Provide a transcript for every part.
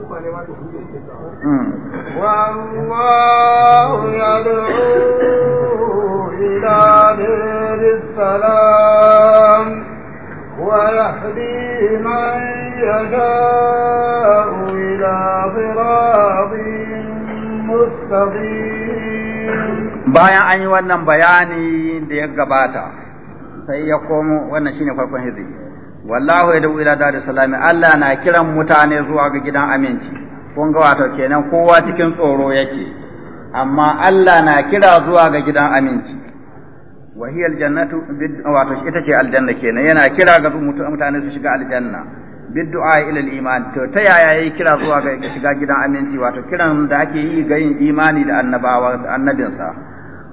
والله يدعو إلى دير السلام ويهدي من يشاء إلى صراط مستقيم bayan an yi wannan bayani da ya gabata sai ya komo wannan shine farkon hizbi wallahu ya ila da salami Allah na kiran mutane zuwa ga gidan aminci kun ga wato kenan kowa cikin tsoro yake amma Allah na kira zuwa ga gidan aminci wa hiya aljannatu wato ita ce aljanna kenan yana kira ga mutane su shiga aljanna bid'a ila iman to ta yaya yayi kira zuwa ga shiga gidan aminci wato kiran da ake yi ga yin imani da annabawa da annabinsa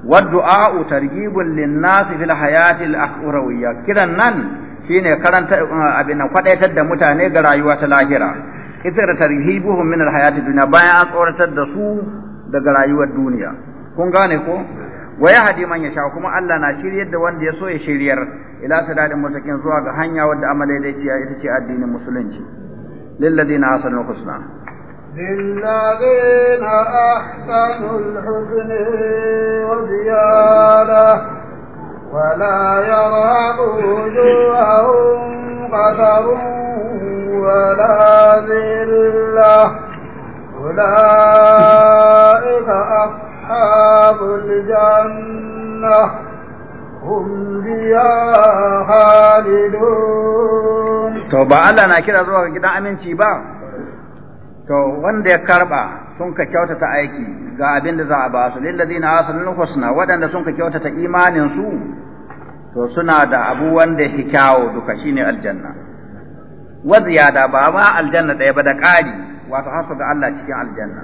wa du'a targhibun lin-nas fil hayati al-akhrawiyya kiran nan shine karanta uh, abin nan kwadaitar da mutane ga rayuwa ta lahira idra tarhibuhum min alhayati dunya bayan an tsoratar da su daga rayuwar duniya kun gane ko wa hadi man yasha kuma Allah na shiryar da wanda ya so ya shiryar ila sadadin musakin zuwa ga hanya wadda amalai da ciya ita ce addinin musulunci lil ladina hasanul husna للذين wa ولا يرهب وجوههم قدر ولا ذلة أولئك أصحاب الجنة هم فيها خالدون to ba Allah na kira zuwa gidan aminci ba to wanda ya karba sun ka kyautata aiki ga abin da za a ba su lillazina hasanul husna waɗanda sun ka kyautata imanin su to suna da abu wanda yake kyawo duka ne aljanna wa ziyada ba ma aljanna ɗaya ba da ƙari wato hasu ga Allah cikin aljanna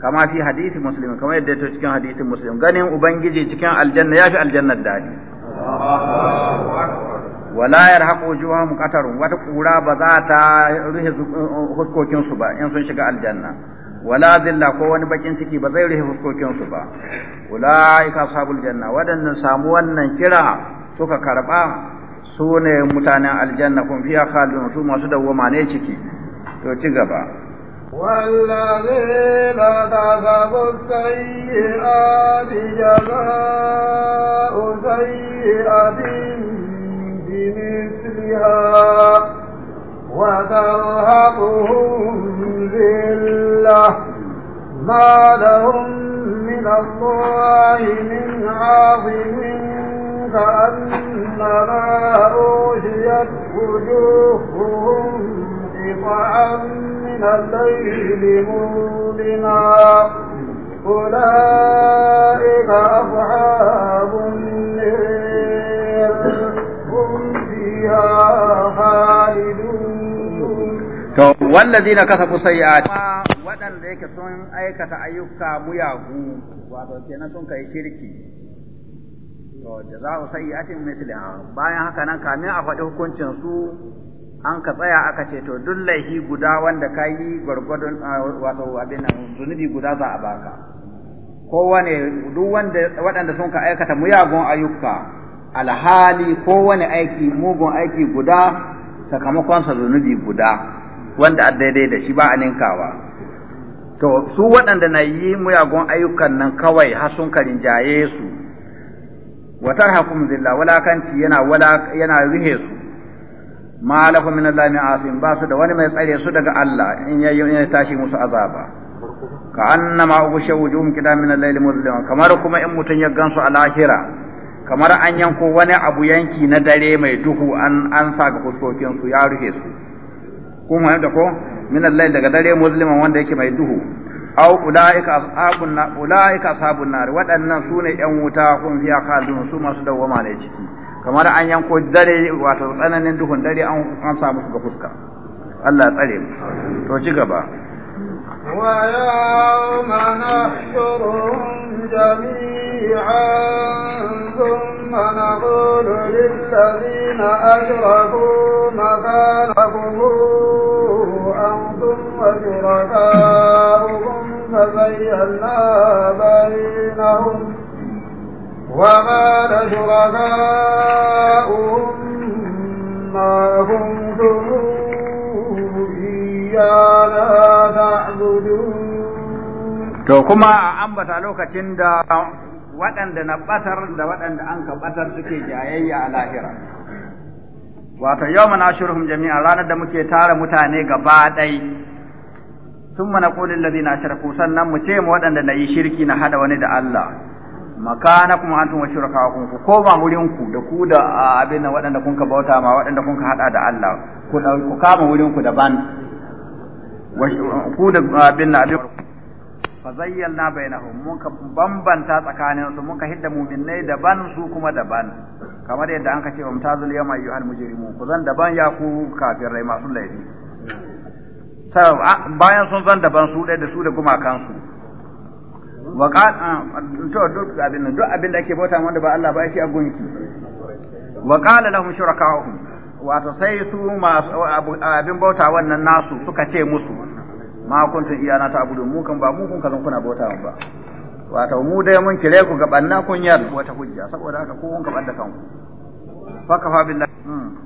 kama fi hadisi muslim kama yadda ya cikin hadisi muslim ganin ubangiji cikin aljanna ya fi aljannar daɗi wala yarhaqu wujuhahum qatarun wata ƙura ba za ta ruhe uh, uh, huskokinsu ba in sun shiga aljanna wala zilla ko wani bakin ciki ba zai rufe huskokinsu ba ulaika ashabul janna wadannan samu wannan kira suka karɓa su ne mutanen aljanna kun fiya khalidun su masu dawwama ne ciki to ci gaba والذين كسبوا السيئات جزاء سيئة بمثلها وترهقهم ذلة ما لهم من الله من عظيم كأنما أوشيت وجوههم قطعا من الليل مولنا أولئك أصحاب النير هم فيها خالدون والذين كسبوا سيئات waɗanda yake sun aikata ayyuka muyagu wato kenan sun kai shirki to jaza'u sayyi'atin mithliha bayan haka nan kamin a faɗi hukuncin su an ka tsaya aka ce to duk laifi guda wanda ka yi gwargwadon wato abin nan zunubi guda za a baka kowane duk wanda waɗanda sun ka aikata muyagun ayyuka alhali kowane aiki mugun aiki guda sakamakon sa zunubi guda wanda a daidai da shi ba a ninkawa to su waɗanda na yi muyagun ayyukan nan kawai har sun ka rinjaye su wa tarhaqum zilla walakanci yana wala yana rihe su ma lahu min allahi min asim ba su da wani mai tsare su daga Allah in yayi ya tashi musu azaba ka annama ughsha wujuhum kida min al-layli muzlima kamar kuma in mutun ya gansu a lahira kamar an yanko wani abu yanki na dare mai duhu an an sa ga fuskokin su ya rufe su kun fahimta ko min al-layli daga dare muzliman wanda yake mai duhu aw ulaika ashabun nar ulaika ashabun nar waɗannan sune yan wuta kun fiya khalidun su masu dawwama ne ciki kamar an yanko dare wato tsananin duhun dare an an sa ga fuska Allah ya tsare mu to ci gaba ويوم نحشرهم جميعا ثم نقول للذين أشركوا مكانكم أنتم وشركاؤكم فزينا بينهم وقال شركاؤهم ما كنتم إيانا تعبدون To kuma a ambata lokacin da waɗanda na ɓatar da waɗanda an ka ɓatar suke jayayya a lahira. Wato yau mana jami'a ranar da muke tara mutane gaba ɗai sun mana kulin na ashirku sannan mu ce mu waɗanda na yi shirki na hada wani da Allah makana kuma an tuma shirka kun ku koma wurin ku da ku da abin nan waɗanda kun ka bauta ma waɗanda kun ka hada da Allah ku kama wurin ku daban ku da abin nan abin fa zayyalna bainahum mun ka bambanta tsakanin su mun ka hidda mu'minnai daban su kuma daban kamar yadda an ka ce wa mai yawma ayyuhal mujrimun ku zan daban ya ku kafirai masu laifi bayan sun san daban su ɗaya da su da gumakansu wa ka to duk abin nan duk abin da ake bauta wanda ba Allah ba shi a gunki wa qala lahum shurakahum wa tasaytu ma abin bauta wannan nasu suka ce musu ma kuntum iyana ta abudu mu kan ba mu kun kazan kuna bauta ba wato mu dai mun kire ku ga banna kun yar wata hujja saboda haka ku kun ka da kanku fa kafa billahi hmm.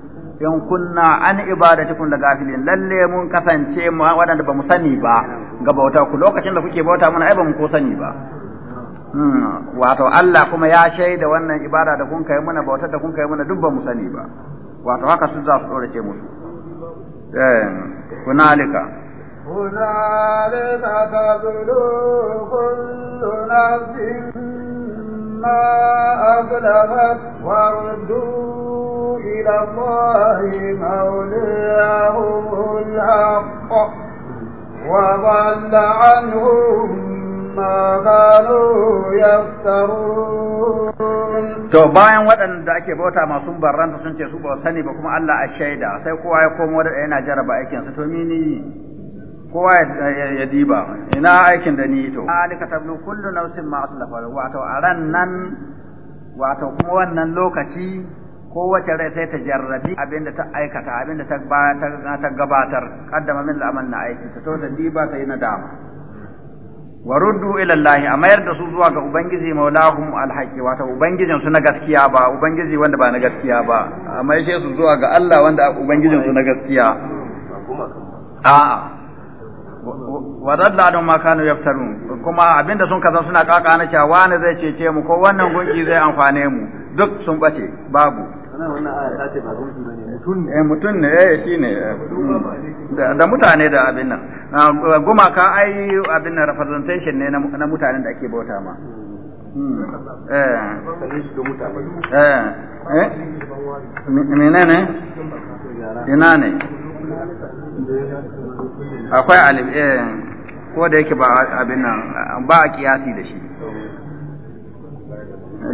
in kunna an ibadatikum da gafilin lalle mun kasance mu waɗanda ba mu sani ba ga bauta ku lokacin da kuke bauta mana ai ba mu ko sani ba hmm, wato Allah kuma ya shaida wannan ibada da kun kai mana bautar da kun kai mana duk ba mu sani ba wato haka su za su ce musu eh kunalika hunalika tablu kullu nafsin ما أبلغت وردوا إلى الله مولاهم الحق وضل عنهم To bayan waɗanda ake bauta masu barranta sun ce su ba sani ba kuma Allah a shaida sai kowa ya komo da yana jaraba aikinsa to mini kowa ya diba ina aikin da ni to alika tabnu kullu nafsin ma aslafa wato a ran nan wato kuma wannan lokaci kowace rai sai ta jarrabi abinda ta aikata abinda ta ta gabatar kaddama min al'amal na aiki ta to da diba ta yi nadama wa ruddu ila Allah a mayar da su zuwa ga ubangiji maulahum alhaqi wato ubangijin su na gaskiya ba ubangiji wanda ba na gaskiya ba a maishe su zuwa ga Allah wanda ubangijin su na gaskiya a'a wa dadda don ma kanu yaftaru kuma abinda sun kaza suna kaka na cewa wani zai cece mu ko wannan gunki zai amfane mu duk sun bace babu mutum ne eh shi ne hmm. da mutane da abin nan ah, gumaka ai abin nan representation ne na mutane da ake bauta ma hmm. eh eh, eh. ne ina ne akwai alif eh, ko da yake ba abin nan ba a kiyasi da shi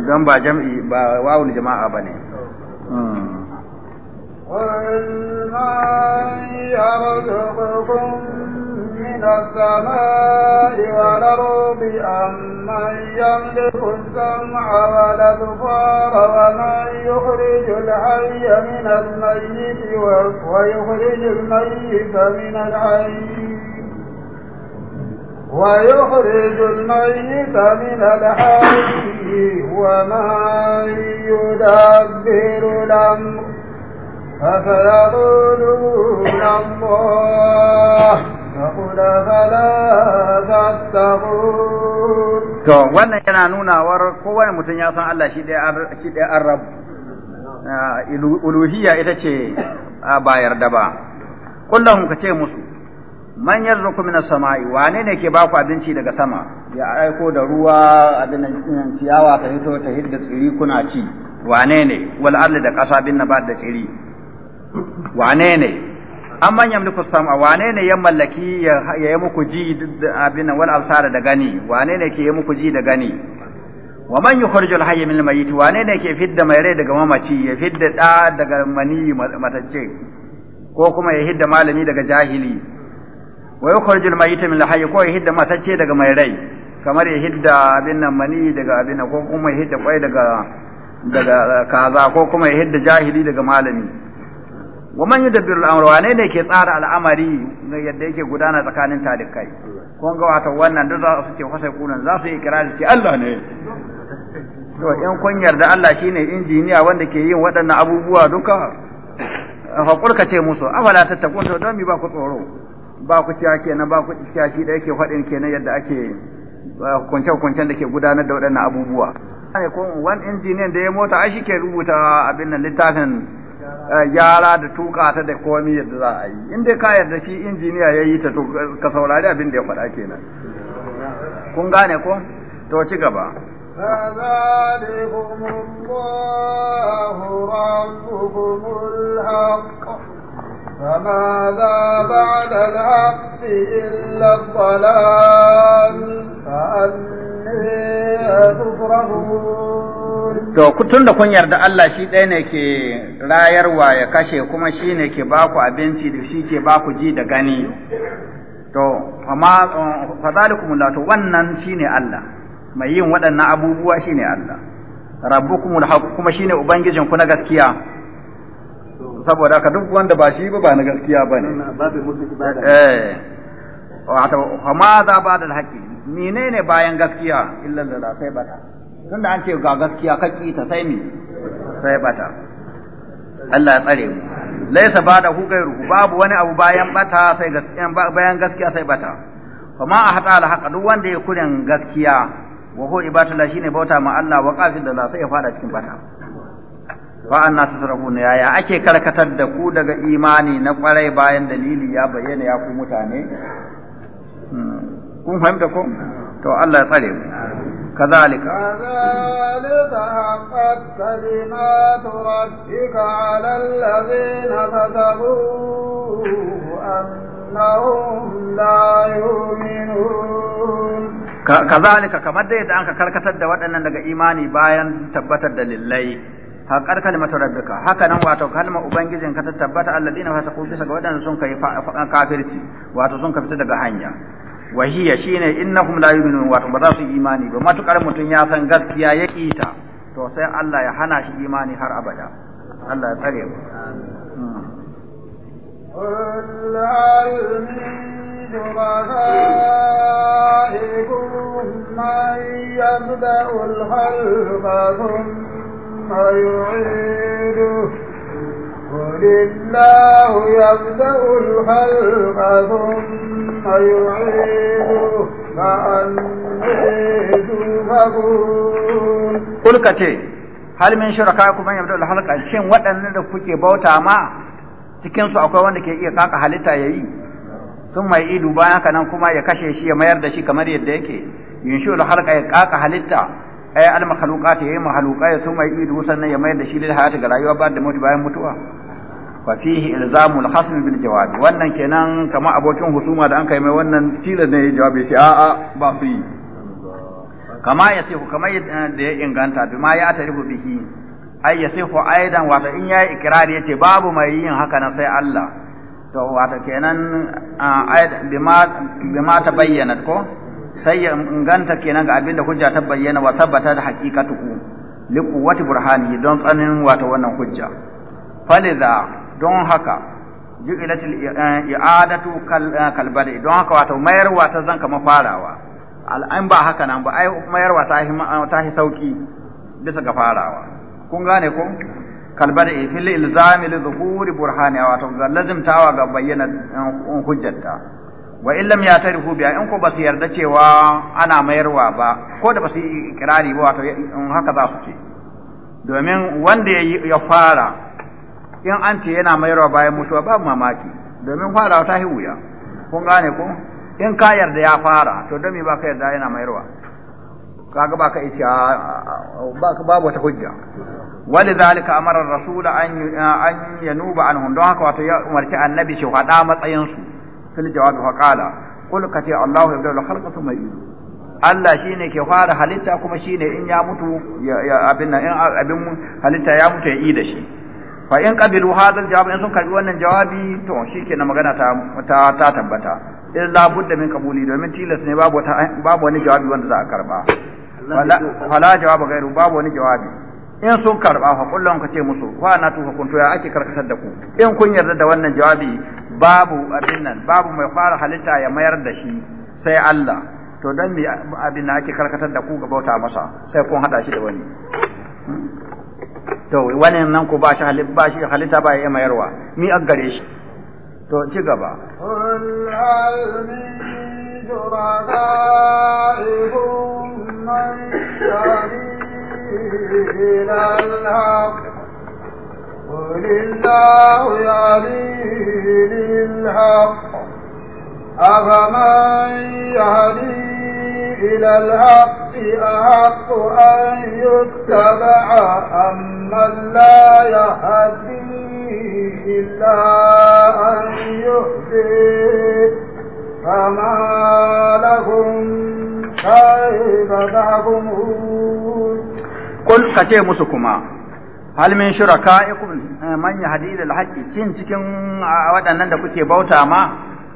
don ba jam'i ba wawun jama'a ba ne hmm. من السماء والأرض أمن يملك السمع والأبصار ومن يخرج الحي من الميت ويخرج الميت من الحي ويخرج الميت من الحي ومن يدبر الأمر فسيقولون الله فقل فلا to wannan yana nunawar kowane mutum ya san Allah shi ɗaya an rabu ah, uluhiyya ita ce a ah, ba yarda ba kullum ka ce musu man yarzuku minas sama'i wane ne ke baku abinci daga sama ya aiko da ruwa abin ciyawa ta hito ta hidda tsiri kuna ci wane ne wal ardi da kasa bin nabat da tsiri wane ne amman yamliku sam'a wane ne ya mallaki ya yi muku ji abin wal absara da gani wane ne ke yi muku ji da gani wa man al hayy min al mayit wane ne ke fidda mai rai daga mamaci ya fidda da daga mani matacce ko kuma ya hidda malami daga jahili wa al mayit min al-hayy ko ya hidda matacce daga mai rai kamar ya hidda abin nan mani daga abin ko kuma ya hidda kwai daga daga kaza ko kuma ya hidda jahili daga malami wa man yudabbiru al-amra wane ne ke tsara al'amari yadda yake gudana tsakanin talikai kun ga wato wannan duk za su ce kwasai kunan za su yi kirari ce Allah ne to in kun yarda Allah shine injiniya wanda ke yin waɗannan abubuwa duka fa kurka ce musu afala tattakun to don mi ba ku tsoro ba ku ciya kenan ba ku ciya shi da yake faɗin kenan yadda ake eh, kunce-kuncen da ke gudanar da waɗannan abubuwa. Wani injiniyan da ya mota a shi ke rubuta abin nan littafin Eh, gyara da tuka ta da komi yadda za a yi inda ka yarda shi injiniya ya yi ta to ka saurari abin da ya faɗa kenan kun gane ko to ci gaba فذلكم الله ربكم الحق فماذا بعد الحق إلا الضلال فأني تفرحون to tun da kun yarda Allah shi ɗaya ne ke rayarwa ya kashe kuma shi ne ke baku abinci da shi ke baku ji da gani to amma eh, fadalikum to wannan shi ne Allah mai yin waɗannan abubuwa shi ne Allah rabbukumul haqq kuma ne ubangijinku na gaskiya saboda haka duk wanda ba shi ba ba na gaskiya ba ne eh. wa. ma za ba da haƙƙi menene bayan gaskiya illan da sai bata tunda an ce ga gaskiya ka ta sai mi sai bata Allah ya tsare mu laisa ba da hukairu babu wani abu bayan bata sai gaskiya bayan gaskiya sai bata kuma a hada la haƙa duk wanda ya kuren gaskiya wa hu ibatu la shine bauta ma Allah wa qafil da la sai ya fada cikin bata wa'anna tasrafu ne yaya ake karkatar da ku daga imani na kwarai bayan dalili ya bayyana ya ku mutane hmm. kun fahimta ko to Allah ya tsare mu kazalika kazalika kazalika kamar da yadda anka karkatar da waɗannan daga imani bayan tabbatar da lillai. haƙar kalmatar rabbika haka nan wato kalmar ubangijin ka ta tabbata alladina fasaqu bisa ga waɗanda sun kai kafirci wato sun ka fita daga hanya wa hiya shine innahum la yu'minu wato ba za su imani ba matukar mutun ya san gaskiya ya kita to sai Allah ya hana shi imani har abada Allah ya tsare mu amin hmm. يعيده قل الله يبدأ الخلق ثم يعيده فأني تؤفكون قل كتير hal min shuraka kuma yabda halqa shin waɗannan da kuke bauta ma cikin su akwai wanda ke iya kaka halitta yayi sun mai idu bayan kanan kuma ya kashe shi ya mayar da shi kamar yadda yake yunshul halqa ya kaka halitta ay al makhluqat ya makhluqa ya suma idu sannan ya mayar da shi da hayati ga rayuwa ba da mutu bayan mutuwa fa fihi ilzamul hasm bil jawab wannan kenan kamar abokin husuma da an kai mai wannan tila ne ya jawabi shi a'a ba su yi kama ya sifu kama eh, da ya inganta bi ma ya tarifu bihi ay ya sifu aidan wato in yayi ikrari yace babu mai yin haka na sai Allah to wato kenan eh, bi ma bi ma ta bayyana ko sai ya inganta kenan ga da hujja ta bayyana wa tabbata da haqiqatuhu li quwwati burhani don tsanin wata wannan hujja faliza don haka ju'ilatil eh, i'adatu kalbadi eh, don haka wato mayarwa ta zan kama farawa al'an ba haka nan ba ai mayarwa ta hi ta hi sauki bisa ga farawa kun gane ko kalbadi fil ilzami li zuhuri burhani wato lazimtawa ga bayyana eh, hujjarta wa illam ya tarihu biya in ko ba su yarda cewa ana mayarwa ba ko da ba su yi ikirari ba wato in haka za su ce domin wanda ya fara in an ce yana mayarwa bayan mutuwa babu mamaki domin farawa ta hi wuya kun gane ko in ka yarda ya fara to don me ba ka yarda yana mayarwa kaga ba ka ita ba ka babu wata hujja zalika amara rasul an an yanuba anhum don haka wato ya umarci annabi shi hada matsayin su fil jawabi fa qala qul ce Allahu yabda al khalqa thumma yu'idu Allah shine ke fara halitta kuma shine in ya mutu ya abin nan in abin halitta ya mutu ya yi da shi fa in qabilu hadha al jawab in sun karbi wannan jawabi to shikenan magana ta ta, ta tabbata illa budda min qabuli domin tilas ne babu babu wani jawabi wanda za a karba fala jawaba gairu babu wani jawabi in sun karba fa kullum ka ce musu wa na tuka kun ya ake karkatar da ku in kun yarda da wannan jawabi babu abin nan babu mai fara halitta ya mayar da shi sai Allah to dan me abin nan ake karkatar da ku ga bauta masa sai kun hada shi da wani to wani nan ku ba shi halitta ba shi halitta ba ya mayarwa mi an gare shi to ci gaba شركائكم من إلى الحق قل الله يهدي للحق أفمن يهدي إلى الحق أحق أن يتبع أم من لا يهدي إلا أن يهدي فما لهم كيف تحكمون kul ka ce musu kuma hal min shuraka'ikum man yahdil ila al cin cikin waɗannan da kuke bauta ma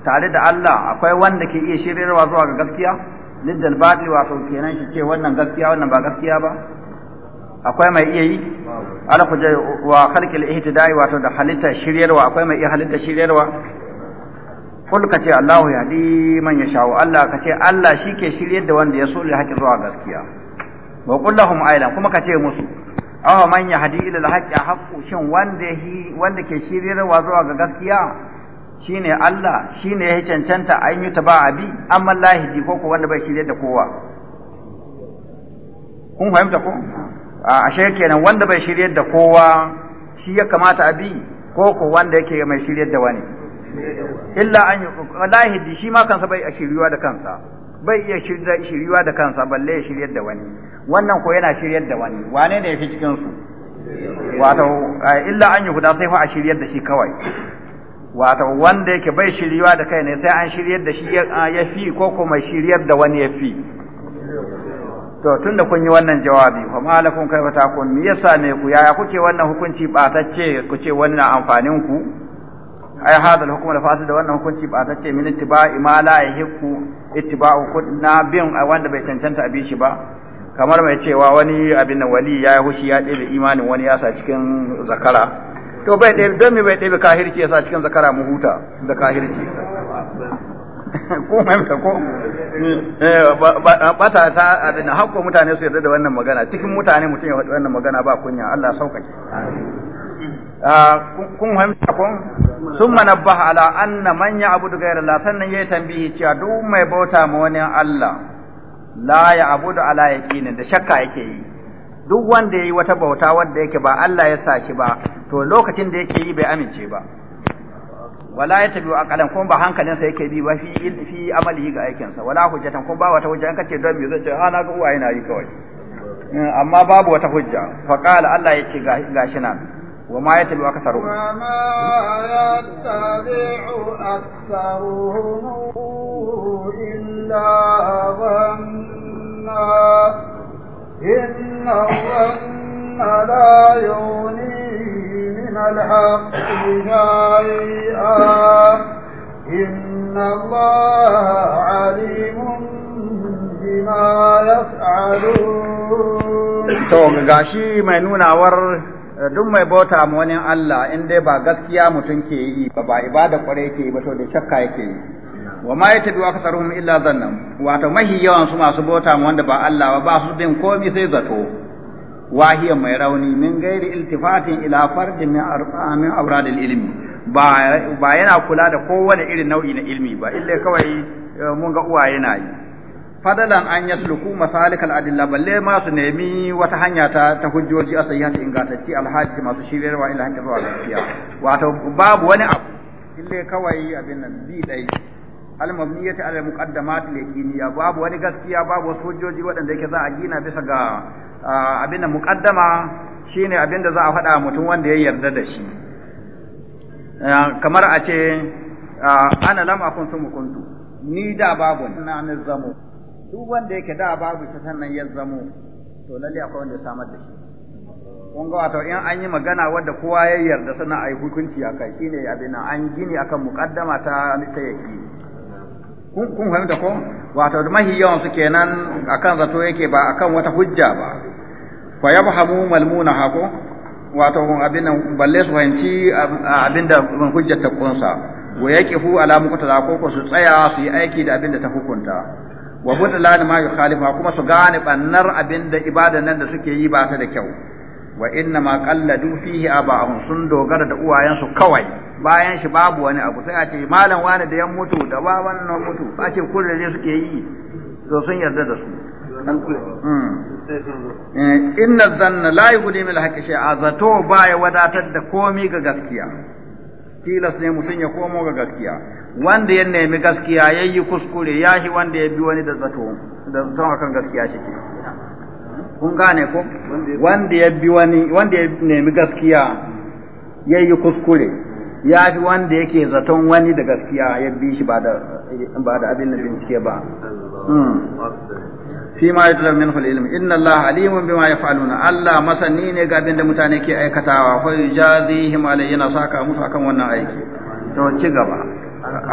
tare da Allah akwai wanda ke iya shiryarwa zuwa ga gaskiya liddal batil wa to kenan shi ce wannan gaskiya wannan ba gaskiya ba akwai mai iya yi ala kuje wa khalqil ihtida'i wato da halitta shiryarwa akwai mai iya halitta shiryarwa kul ka ce Allahu di man yasha Allah ka ce Allah shi ke shiryar da wanda ya so ya haƙi zuwa gaskiya wa kullahum aila kuma ka ce musu aw man yahdi ila alhaqqi haqqu shin wanda hi wanda ke shirirwa zuwa ga gaskiya shine Allah shine ya cancanta an yi ta ba abi amma lahiji ko ko wanda bai shirye da kowa kun fahimta ko a ashe kenan wanda bai shirye da kowa shi ya kamata abi ko ko wanda yake mai shirye da wani illa an yi lahiji shi ma kansa bai a shiryuwa da kansa bai iya shiryuwa da kansa balle ya shiryar da wani wannan ko yana shiryar da wani wane ne yafi cikin su wato illa an yi sai fa a shiryar da shi kawai wato wanda yake bai shiryuwa da kai ne sai an shiryar da shi ya fi ko kuma shiryar da wani ya fi to tunda kun yi wannan jawabi fa kai kaifa kun me yasa ne ku yaya kuke wannan hukunci batacce ku ce wannan amfanin ku ai hadal hukuma da fasid da wannan hukunci batacce min ittiba'i ma la yahiqu ittiba'u na bin wanda bai cancanta abin shi ba kamar mai cewa wani abin da wali ya yi hushi ya ɗebe imanin wani ya sa cikin zakara to bai ɗebe don me bai ɗebe kahirci ya sa cikin zakara mu huta da kahirci ko mai ko eh, bata ta abin hakko mutane su yarda da wannan magana cikin mutane mutum ya faɗi wannan magana ba kunya Allah sauƙaƙe Ah, kun fahimta kun sun mana manabba ala anna man ya abudu daga yarda sannan ya yi tambihi cewa duk mai bauta ma wani Allah la ya abu da ala yaqinin da shakka yake yi duk wanda ya yi wata bauta wanda yake ba Allah ya sa shi ba to lokacin da yake yi bai amince ba wala ya tabi akalan kuma ba hankalinsa yake bi ba fi fi amali ga aikinsa wala hujjatan kuma ba wata hujja in kace don me zai ce a ah, na ga uwaye na yi kawai eh, amma babu wata hujja faqala Allah ya ce gashi nan وما يتبع أكثرهم وما يتبع أكثرهم إلا ظنا إن الظن لا يغني من الحق شيئا إن الله عليم بما يفعلون to gashi mai nunawar duk mai bauta ma wani Allah in dai ba gaskiya mutum ke yi ba ba ibada kwarai ke yi ba to da shakka yake yi wa ma duwa aktharuhum illa dhannan wato mahi yawan su masu bauta ma wanda ba Allah ba ba su bin komai sai zato wahiyan mai rauni min gairi iltifatin ila fardin min min awradil ilmi ba ba yana kula da kowane irin nau'i na ilmi ba illa kawai eh, mun ga uwaye na yi fadalan an yasluku al adilla balle ma su nemi wata hanya ta ta hujjoji a sayyati ingantacci alhaji masu shirewa ila hanya zuwa gaskiya wato babu wani abu ille kawai abin nan bi dai almabniyati al muqaddamat al-yaqiniyya babu wani gaskiya babu wasu hujjoji waɗanda yake za a gina bisa ga abin nan muqaddama shine abin da za a faɗa mutum wanda ya yarda da shi kamar a ce ana lam akun kuntu ni da babu na nizamu duk wanda yake da babu shi sannan ya zamo to lalle akwai wanda ya samar da shi kun ga wato in an yi magana wadda kowa ya yarda sannan a yi hukunci a kai shine abin nan an gini akan muqaddama ta ta yake kun kun fahimta ko wato mahi yawan su kenan akan zato yake ba akan wata hujja ba fa yabhamu malmuna hako wato abin nan balle su fahimci abin da hujjar ta kunsa wa yaqifu ala muqtada ko ko su tsaya su yi aiki da abin da ta hukunta wa budlan ma yukhalifa kuma su gane bannar abinda ibadan nan da suke yi ba ta da kyau wa inna ma qalladu fihi aba'ahum sun dogara da uwayensu kawai bayan shi babu wani abu sai a ce malam wani da ya mutu da baban mutu a ce kurare suke yi to sun yarda da su hmm. eh, inna zanna la yughni min haqqi shay'a zato baya wadatar da komi ga gaskiya tilas ne mutum ya komo ga gaskiya wanda ya nemi gaskiya ya yi kuskure ya shi wanda ya bi wani da zato da zato akan gaskiya shi ke kun gane ko wanda ya bi wani wanda ya nemi gaskiya ya yi kuskure ya fi wanda yake zaton wani da gaskiya ya bi shi ba da abin da bincike ba hmm. fi ma yutlab minhu al-ilm inna Allah alimun bima yaf'aluna Allah masani ne ga abin da mutane ke aikatawa fa yujazihim alayhi yana saka musu akan wannan aiki to ci gaba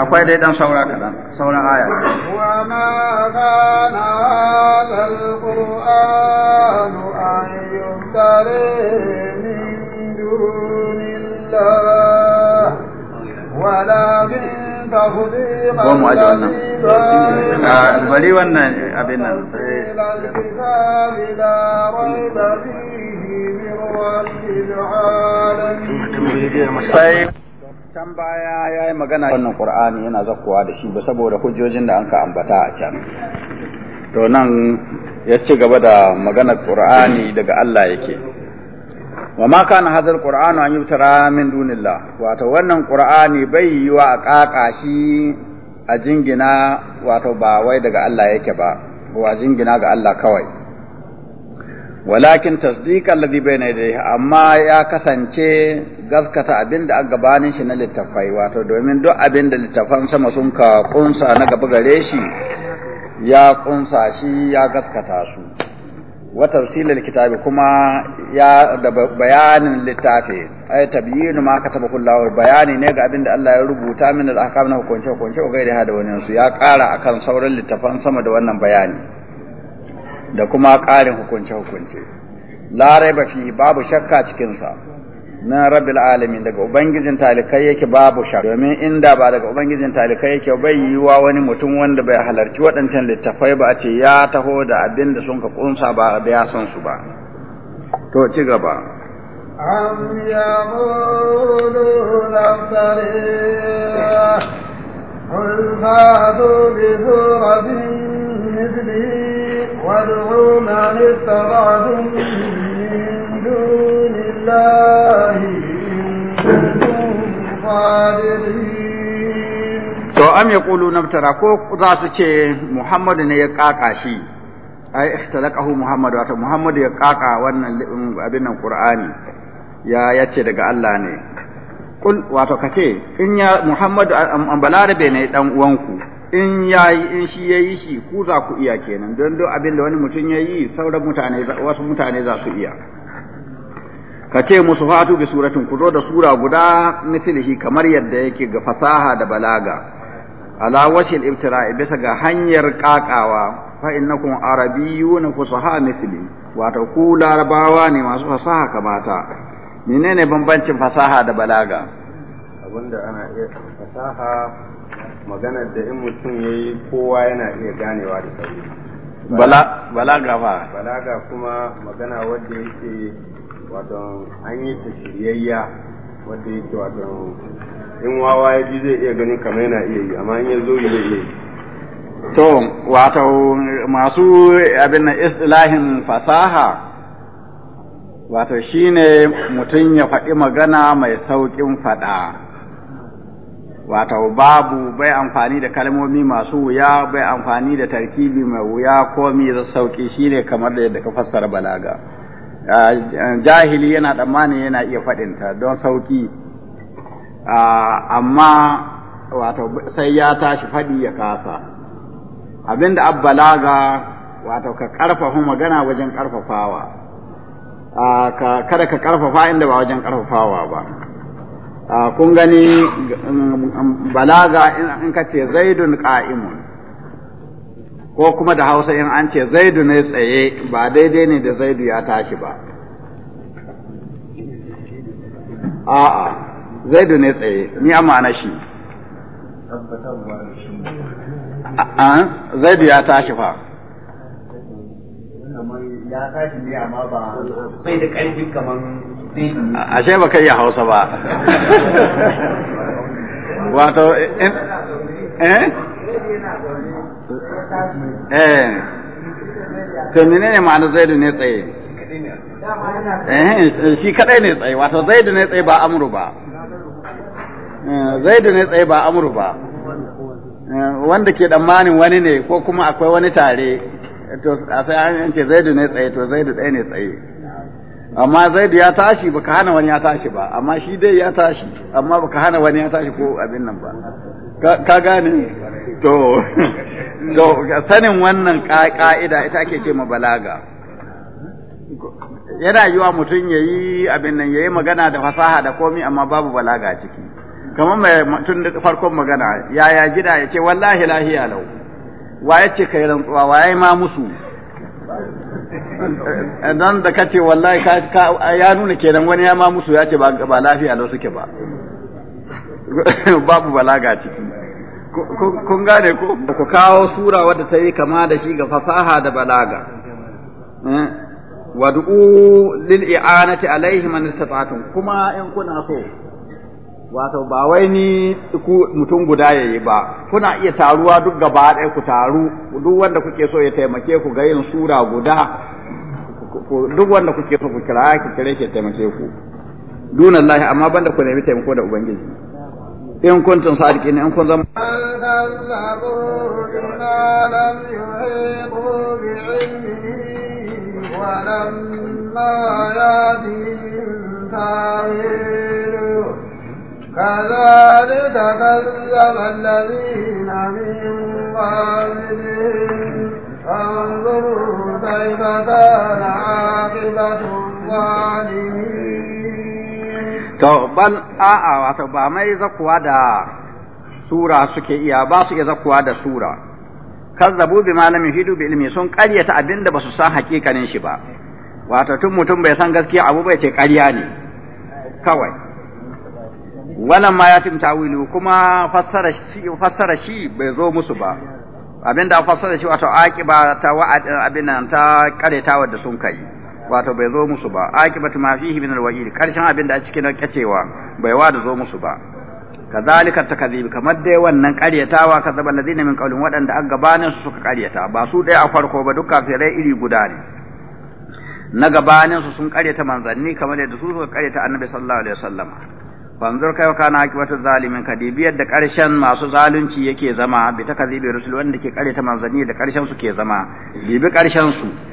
akwai dai dan saura kadan sauran aya wa ma kana al-qur'an an min dunillah ko mu aje wannan ah, bari wannan abin nan sai can baya ya magana wannan qur'ani yana zakkuwa da shi ba saboda hujjojin da an ka ambata a can to nan ya ci gaba da maganar qur'ani daga Allah yake wa ma kana hadal qur'anu an yutara min dunillah wato wannan qur'ani bai yiwa a kaka shi a jingina wato ba wai daga Allah yake ba wa jingina ga Allah kawai walakin tasdiqa alladhi bayna yadayhi amma ya kasance gaskata abinda a gabanin shi na littafai wato domin duk abinda littafan sama sun ka kunsa na gaba gare shi ya kunsa shi ya gaskata su wa tafsilil kitabi kuma ya da bayanin littafi ay tabyinu ma kataba kullahu bayani ne ga abinda Allah ya rubuta min al ahkam na hukunce hukunce ga da hada wani su ya kara akan sauran littafan sama da wannan bayani da kuma karin hukunce hukunce la raiba fi babu shakka cikin sa na rabbil alamin daga ubangijin talikai yake babu shak domin inda ba daga ubangijin talikai yake bai yiwa wani mutum wanda bai halarci waɗancan littafai ba a ce ya taho da abin da sun ka kunsa ba da ya san su ba to ci gaba am yaquluna قل فاتوا بسورة مثله وادعوا من اتبعتم من دونه To am ya na naftara ko za su ce Muhammadu ne ya ƙaƙa shi, ai, ihtalaqahu Muhammadu, wata Muhammadu ya ƙaƙa wannan abin nan Ƙur'ani ya yace daga Allah ne. Kul wato ka ce, in ya Muhammadu balarabe ne ɗan uwanku, in ya yi in shi ya yi shi ku za ku iya kenan, don duk abin da wani mutum ya yi sauran mutane wasu mutane za su iya. ka ce musu fatu bi suratin ku zo da sura guda mislihi kamar yadda yake ga fasaha da balaga ala washil ibtira'i bisa ga hanyar kakawa fa innakum arabiyyun fusaha misli wato ku larabawa ne masu fasaha kamata menene bambancin fasaha da balaga abinda ana iya fasaha magana da in mutum yayi kowa yana iya ganewa da sauri balaga fa balaga kuma magana wanda yake wato an yi ta shiryayya wata yake wato in wawa ya ji zai iya ganin kamar yana iya yi amma in ya zo zai iya yi to wato masu abin na istilahin fasaha wato shine mutum ya faɗi magana mai sauƙin faɗa wato babu bai amfani da kalmomi masu wuya bai amfani da tarkibi mai wuya ko mai sauƙi shine kamar da yadda ka fassara balaga Eh, jahili yana tsammani yana iya faɗinta don sauƙi eh, amma wato sai ya tashi faɗi ya kasa abinda abbalaga wato ka ƙarfafa magana wajen ƙarfafawa eh, kada ka ƙarfafa inda ba wajen ƙarfafawa ba kun gani mm, mm, balaga in ka ce zaidun ƙa'imun ko kuma da hausa in an ce zaidu ne tsaye ba daidai ne da zaidu ya tashi ba a'a zaidu ne tsaye ni amana shi zaidu ya tashi fa ya tashi ne amma ba sai da ƙarfi kaman ashe ba kai ya hausa ba wato eh, eh? eh to menene ma'anar zaidu ne tsaye eh shi kadai ne tsaye wato zaidu ne tsaye ba amru ba eh, zaidu ne tsaye ba amru ba eh, wanda ke tsammanin wani ne ko kuma akwai wani tare to a sai an yanke zaidu ne tsaye to zaidu tsaye ne tsaye amma zaidu ya tashi baka hana wani ya tashi ba amma shi dai ya tashi amma baka hana wani ya tashi ko abin nan ba ka gane to sanin wannan ka'ida ita ake ce ma balaga yana yiwa mutum ya yi abin nan ya yi magana da fasaha da komi amma babu balaga ciki kamar mai tun farkon magana yaya gida ya ce wallahi lahiya lau wa ya ce kai rantsuwa wa ya yi ma musu don da ka ce wallahi ya nuna kenan wani ya ma musu ya ce ba lafiya lau suke ba babu balaga ciki kun gane ko ku kawo sura wadda ta yi kama da shi ga fasaha da balaga eh? du'u lil i'anati alaihi an istata'tum kuma in kuna so wato ba wai ni ku mutum guda yayi ba kuna iya taruwa duk gaba ɗaya ku taru duk wanda kuke so ya taimake ku ga yin sura guda duk wanda kuke so ku kira ki kire ki taimake ku dunallahi amma banda ku nemi taimako da ubangiji in kuntum sadiqin in kun zama ولما يأتهم تأويله كذلك كذب الذين من قبلهم فانظروا كيف كان عاقبة الظالمين to ban a'a wato ba mai zakuwa da sura suke iya ba su iya zakuwa da sura kazzabu bi malamin hidu bi ilmi sun karyata abinda ba su san hakikanin shi ba wato tun mutum bai san gaskiya abu bai ce karya ne kawai wannan ma ya wilu kuma fassara shi fassara shi bai zo musu ba abinda fassara shi wato ba ta abin abinan ta ƙaryatawa da sun kai wato bai zo musu ba akibatu ma fihi min alwa'id karshen abin da a cikin kacewa bai wa da zo musu ba kazalika takazib kamar dai wannan ƙaryatawa zaba ladina min qaulin waɗanda an gabanin su suka ƙaryata ba su daya a farko ba duka kafirai iri guda ne na gabanin su sun ƙaryata manzanni kamar yadda su suka ƙaryata annabi sallallahu alaihi wasallama banzur kai kana akibatu zalimin kadibiyar da karshen masu zalunci yake zama bi takazibi rusul wanda ke ƙaryata manzanni da karshen su ke zama bibi karshen su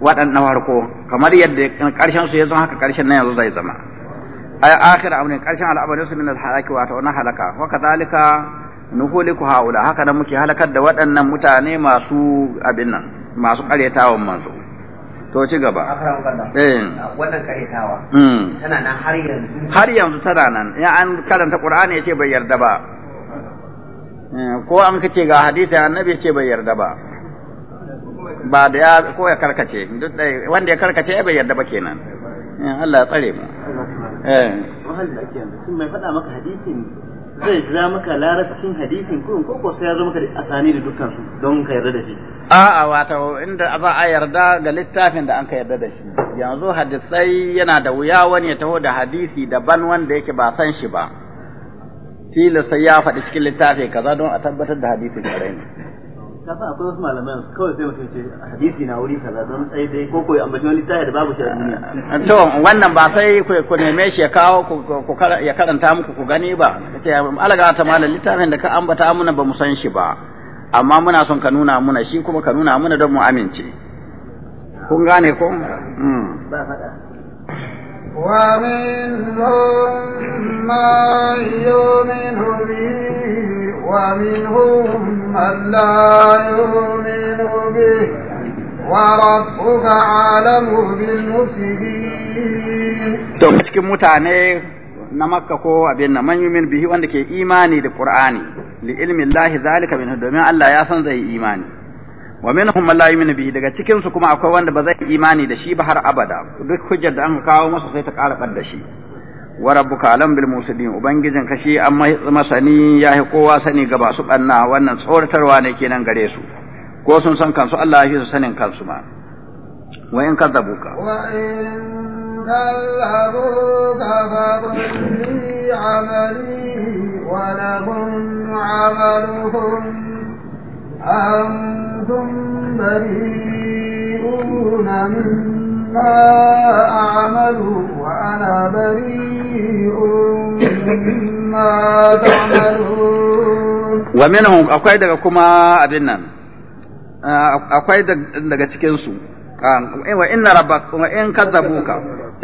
waɗannan farko kamar yadda ƙarshen su ya zama haka ƙarshen na yanzu zai zama ay akhir amrin ƙarshen al'amarin su min al-halaki wa ta'una halaka wa kadhalika nuhuliku haula haka nan muke halakar da waɗannan mutane masu abin nan masu ƙaretawan manzo to ci gaba eh. wannan ƙaryatawa hmm. tana nan har yanzu har yanzu tana nan ya an karanta qur'ani yace bai yarda ba eh, ko an kace ga hadisi annabi yace bai yarda ba ba da ya ko ya karkace wanda ya karkace bai yarda ba kenan eh, Allah ya tsare mu eh mai faɗa maka hadisin zai ja maka larabcin hadisin kurun ko ko sai ya zama maka da asani da dukkan su don ka yarda da shi a'a wato inda za a yarda ga littafin da an ka yarda da shi yanzu hadisai yana da wuya wani ya taho da hadisi daban wanda yake ba san shi ba tilasta ya faɗi cikin littafi kaza don a tabbatar da hadisin kare ne ka san akwai wasu malamai kawai sai mutum ce hadisi na wuri kaza don tsaye dai ko koyi ambaci wani tayar da babu shi a duniya to wannan ba sai ku neme shi ya kawo ku ya karanta muku ku gani ba kace alaga ta malam littafin da ka ambata amuna ba mu san shi ba amma muna son ka nuna muna shi kuma ka nuna muna don mu amince kun gane ko hmm. ba faɗa ومنهم من يؤمن به ومنهم من لا يؤمن به وربك أعلم بالمفسدين cikin mutane na makka ko abin nan man yumin bihi wanda ke imani da qur'ani li ilmi llahi zalika min domin Allah ya san zai imani wa minhum man la bihi daga cikin su kuma akwai wanda ba zai imani da shi ba har abada duk hujjar da an kawo masa sai ta ƙara da shi wa rabbuka alam bil musidin ubangijin ka shi an masani ya yi kowa sani ga basu banna wannan tsoratarwa ne kenan gare su ko sun san kansu Allah ya fi su sanin kansu ma wa in kadzabuka wa in ما أعمل وأنا بريء مما تعملون ومنهم أقوي دقا كما أبنان أقوي دقا تكنسو wa inna rabbak wa in kadzabuka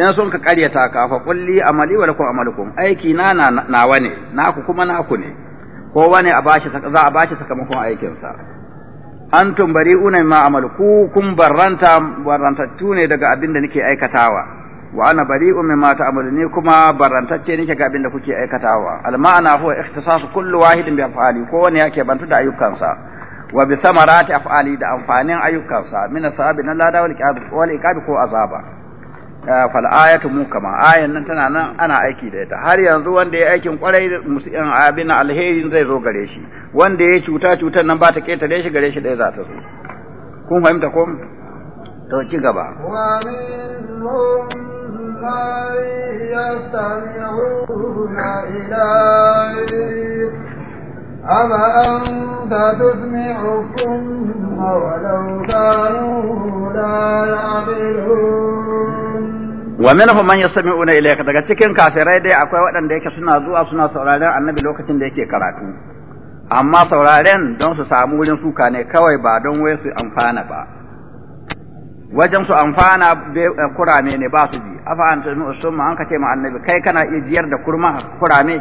in sun ka karyata ka fa kulli amali wa lakum amalukum aiki na na nawa ne naku kuma naku ne kowa ne a bashi za a bashi sakamakon aikinsa antum unai ma amal ku kun barranta barranta ne daga abin da nake aikatawa wa ana ma ta amal ni kuma barrantacce nake ga abin da kuke aikatawa al ma'ana huwa ikhtisasu kullu wahidin bi af'ali ko wani yake bantu da ayyukansa wa bi samarati af'ali da amfanin ayyukansa min asabi na lada wal iqab ko azaba Eh, fal ayatu kama ayan nan tana nan ana aiki da ita har yanzu wanda ya aikin kwarai eh, abin alheri zai zo gare shi wanda ya cuta cutar nan ba ta ketare shi gare shi ɗaya za ta zo kun fahimta ko to ci gaba أما أنت تسمعكم ولو كانوا لا يعقلون ومنهم من يستمعون إليك daga cikin kafirai dai akwai waɗanda yake suna zuwa suna sauraren annabi lokacin da yake karatu amma sauraren don su samu wurin suka ne kawai ba don wai su amfana ba wajen su amfana eh, kurame ne ba su ji afa an sun ma an kace ma annabi kai kana iya jiyar da kurma kurame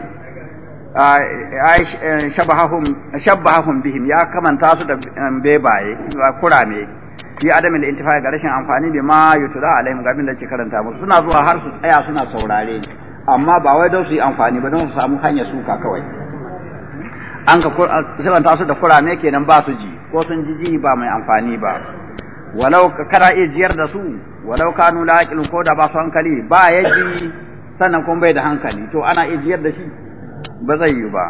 shabahahum bihim ya kamanta su da bebaye kurame fi adamin intifa ga rashin amfani bi ma yutura alaihim ga da ke karanta musu suna zuwa har su tsaya suna saurare amma ba wai don su yi amfani ba don su samu hanyar suka kawai an ka siranta su da kurame kenan ba su ji ko sun ji ji ba mai amfani ba walau kara iya jiyar da su walau kanu la ko da ba su hankali ba ya ji sannan kuma bai da hankali to ana iya jiyar da shi ba zai yi ba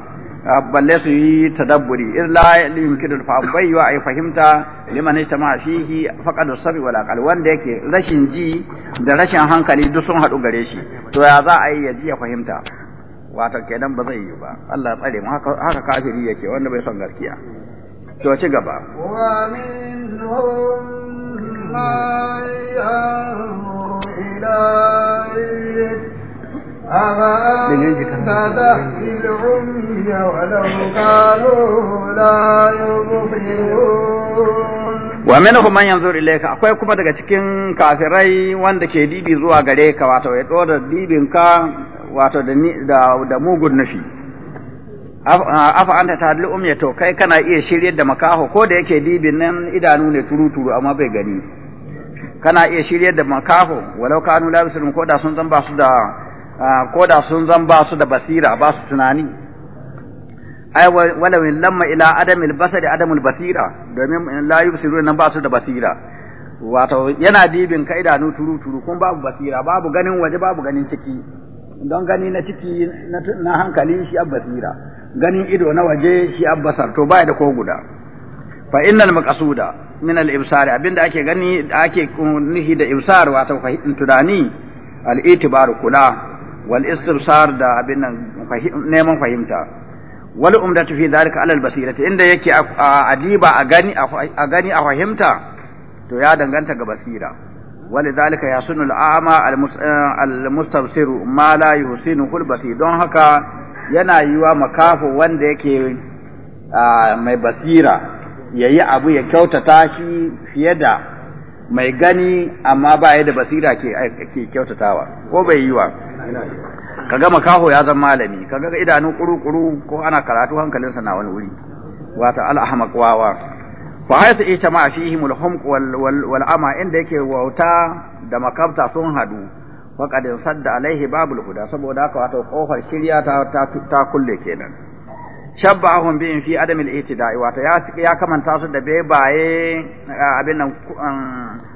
ah, balle su yi tadabburi illa yumkinu fa bai wa fahimta liman ijtama fihi faqad sabi wala qal wanda yake rashin ji da rashin hankali duk sun hadu gare shi to ya za a yi ya ji ya fahimta wato kenan ba zai yi ba Allah tsare mu haka haka kafiri yake wanda bai son gaskiya to ci gaba wa minhum wa minhum man yanzur ilayka akwai kuma daga cikin kafirai wanda ke dibi zuwa gare ka wato ya dora dibin ka wato da da mugun nufi afa anta tadlu umya to kai kana iya shiryar da makaho ko da yake dibin nan idanu ne turu turu amma bai gani kana iya shiryar da makaho walau kanu la ko da sun zan ba su da Ah, ko da sun zan ba su da basira ba su tunani ai walawin lamma ila al basari al basira domin la yusiru nan ba su da basira wato yana dibin ka idanu turu turu kun babu basira babu ganin waje babu ganin ciki don gani na ciki na hankali shi ab basira ganin ido na waje shi ab basar to bai da ko guda fa innal maqsuda min al ibsar abinda ake gani ake nihi da ibsar wato fahimtu dani al itibaru kula wal istibsar da abin nan neman fahimta wal umdatu fi dhalika alal basirati inda yake adiba a gani a gani a fahimta to ya danganta ga basira ولذلك يحسن الأعمى المستبصر ما لا يحسنه البصير don haka yana yiwa makafu wanda yake mai basira yayi abu ya kyautata shi fiye da mai gani amma ba ya da basira ke kyautatawa ko bai yiwa ka gama makaho ya zama malami ka kaga idanun kuru-kuru ko ana karatu hankalinsa na wani wuri wata al'ahmaq wawa fa haythu ijtama fihim al-humq wal wal'ama inda yake wauta da makabta sun hadu faqad sadda alaihi babu huda saboda haka wata kofar shirya ta ta kulle kenan ahun bi fi adam al-ihtida'i wato ya ya kamanta su da bebaye abin nan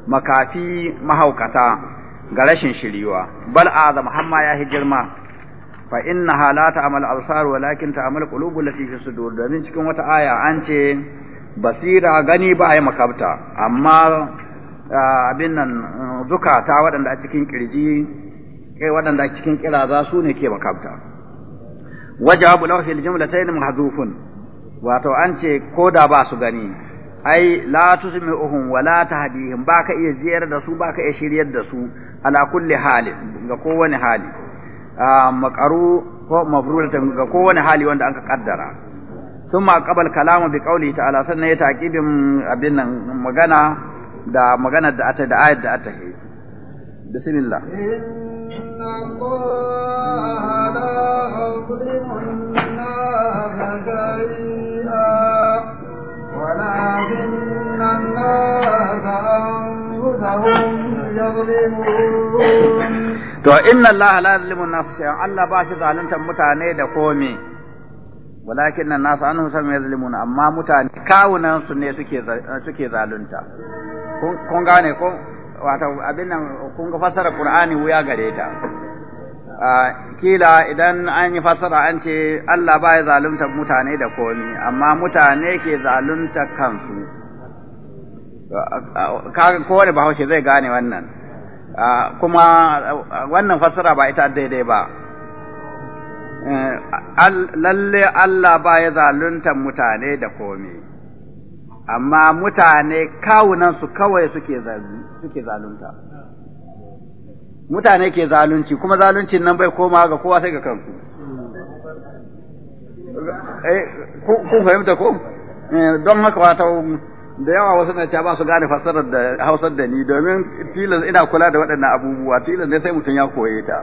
makafi mahaukata ga rashin shiriwa bal azam hamma ya yi girma fa inna halata amal absar walakin ta'amal qulubu lati fi sudur domin cikin wata aya an ce basira gani ba ai makabta amma abin nan zukata waɗanda a cikin kirji kai eh, waɗanda a cikin kiraza su ne ke makabta wajabu lahu fil jumlatayn mahdhufun wato an ce ko da ba su gani ai la tusmi'uhum wa la tahdihim baka iya ziyar da su baka iya shiryar da su ala kulli hali ga kowane hali makaru ko mabruratan ga kowane hali wanda anka kaddara ثم قبل كلامه بقوله تعالى سنة يتعقيب أبن مغانا دا مغانا دا أتى دا da دا da بسم الله إن الله لا الناس شيئا ولكن الناس to inna allaha la yuzlimu nafsa Allah ba shi zaluntar mutane da komi walakin nan nasu an sam yuzlimuna amma mutane kawunan su ne suke suke zalunta kun gane ko wato abin nan kun ga fasara qur'ani wuya gare ta kila idan an yi fasara an ce Allah ba ya zalunta mutane da komi amma mutane ke zalunta kansu kaga kowane bahaushe zai gane wannan Ah, kuma ah, wannan fassara ba ita daidai ba eh, lalle Allah ba ya zalunta mutane da komi amma mutane kawunansu kawai suke zalunta mutane ke zalunci kuma zaluncin nan bai koma ga kowa sai ga kanku eh, kun fahimta ko eh, don haka wata da yawa wasu na ba su gane fassarar da hausar da ni domin tilas ina kula da waɗannan abubuwa tilas ne sai mutum ya koye ta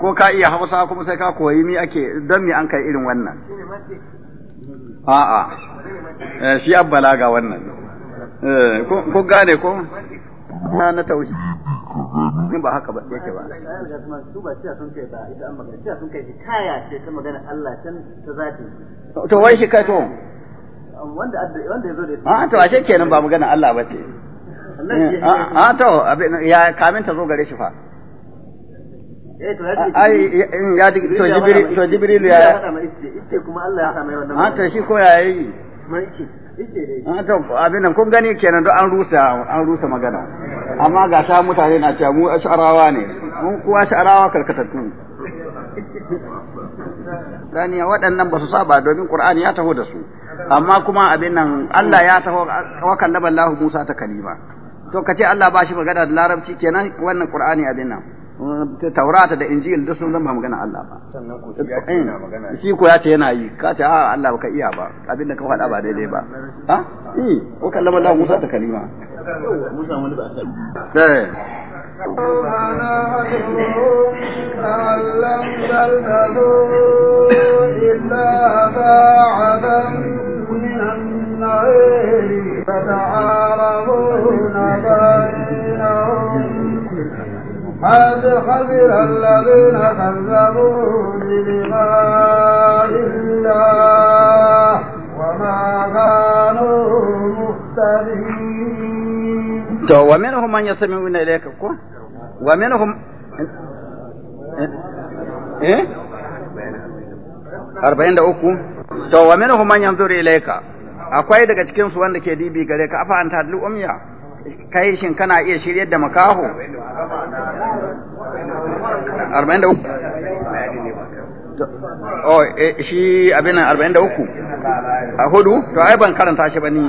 ko ka iya hausa kuma sai ka koyi mi ake don mi an kai irin wannan a'a eh, shi an balaga wannan eh, ko gane ko na na tauhi ba haka ba yake ba su ba cewa sun kai ba ita an magana cewa sun kai kaya ce ta magana Allah can ta zati to wai shi ka to wanda wanda yazo da a ah, to kenan ba magana Allah ba ce a eh, ah, ah, to ya kamin ta zo gare shi fa eh, ai ya to jibril to jibril ya ce kuma Allah ya samu wannan a to shi ko ya yi a to abin nan kun gani kenan don an rusa an rusa magana amma ga sa mutane na cewa mu asharawa ne mun kuwa asharawa karkatattu gani waɗannan ba su saba domin Qur'ani ya taho da su amma kuma abin nan Allah ya taho wa kallaba Allah Musa ta kalima to kace Allah ba shi magana da larabci kenan wannan Qur'ani abin nan Taurata da Injil duk sun zama magana Allah ba sannan ko ya ce yana shi ko ya ce yana yi ka ce a Allah baka iya ba abin da ka faɗa ba daidai ba ha eh wa kallaba Allah Musa ta kalima Musa wani ba sai eh. فأن لم تلبثوا إلا ساعة من النعيم تتعارفون بينهم قد خسر الذين كذبوا بلقاء الله وما كانوا مهتدين to wa minhum man yastami'una ilayka ko wa minhum eh, eh? uku. to wa minhum man yanzuru ilayka akwai daga cikin su wanda ke dibi gare ka afa anta lu umya kai shin kana iya shiryar da makaho uku. oh shi abin nan uku a hudu to ai ban karanta shi ba ni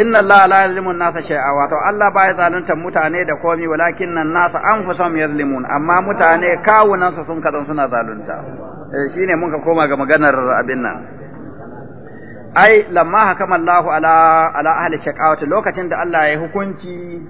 inna allaha la yazlimu an-nasa shay'a to allah baya zalunta mutane da komai, walakin an-nasa anfusahum yazlimun amma mutane kawunan su sun kazan suna zalunta Eh shine mun ka koma ga maganar abin nan ai lamma hakama allah ala ala ahli shaqawati lokacin da allah ya hukunci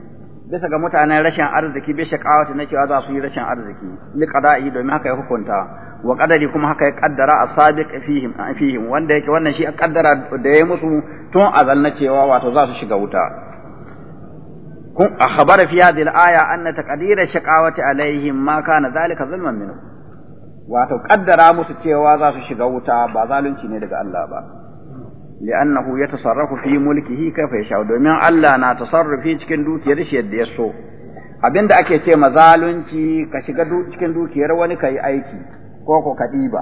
bisa ga mutanen rashin arziki bi shaqawati na cewa za su yi rashin arziki liqada'i domin haka ya hukunta wa kadari kuma haka ya kaddara a sabiq fihim fihim wanda yake wannan shi a kaddara da ya musu tun azal na cewa wato za su shiga wuta kun a khabara fi hadhihi al-aya anna taqdira shaqawati alaihim ma kana zalika zulman minhu wato kaddara musu cewa za su shiga wuta ba zalunci ne daga Allah ba li'annahu yatasarrafu fi mulkihi kaifa yasha domin Allah na tasarrufi cikin dukiyar shi yadda ya so abinda ake ce mazalunci ka shiga cikin dukiyar wani kai aiki ko ko kadiba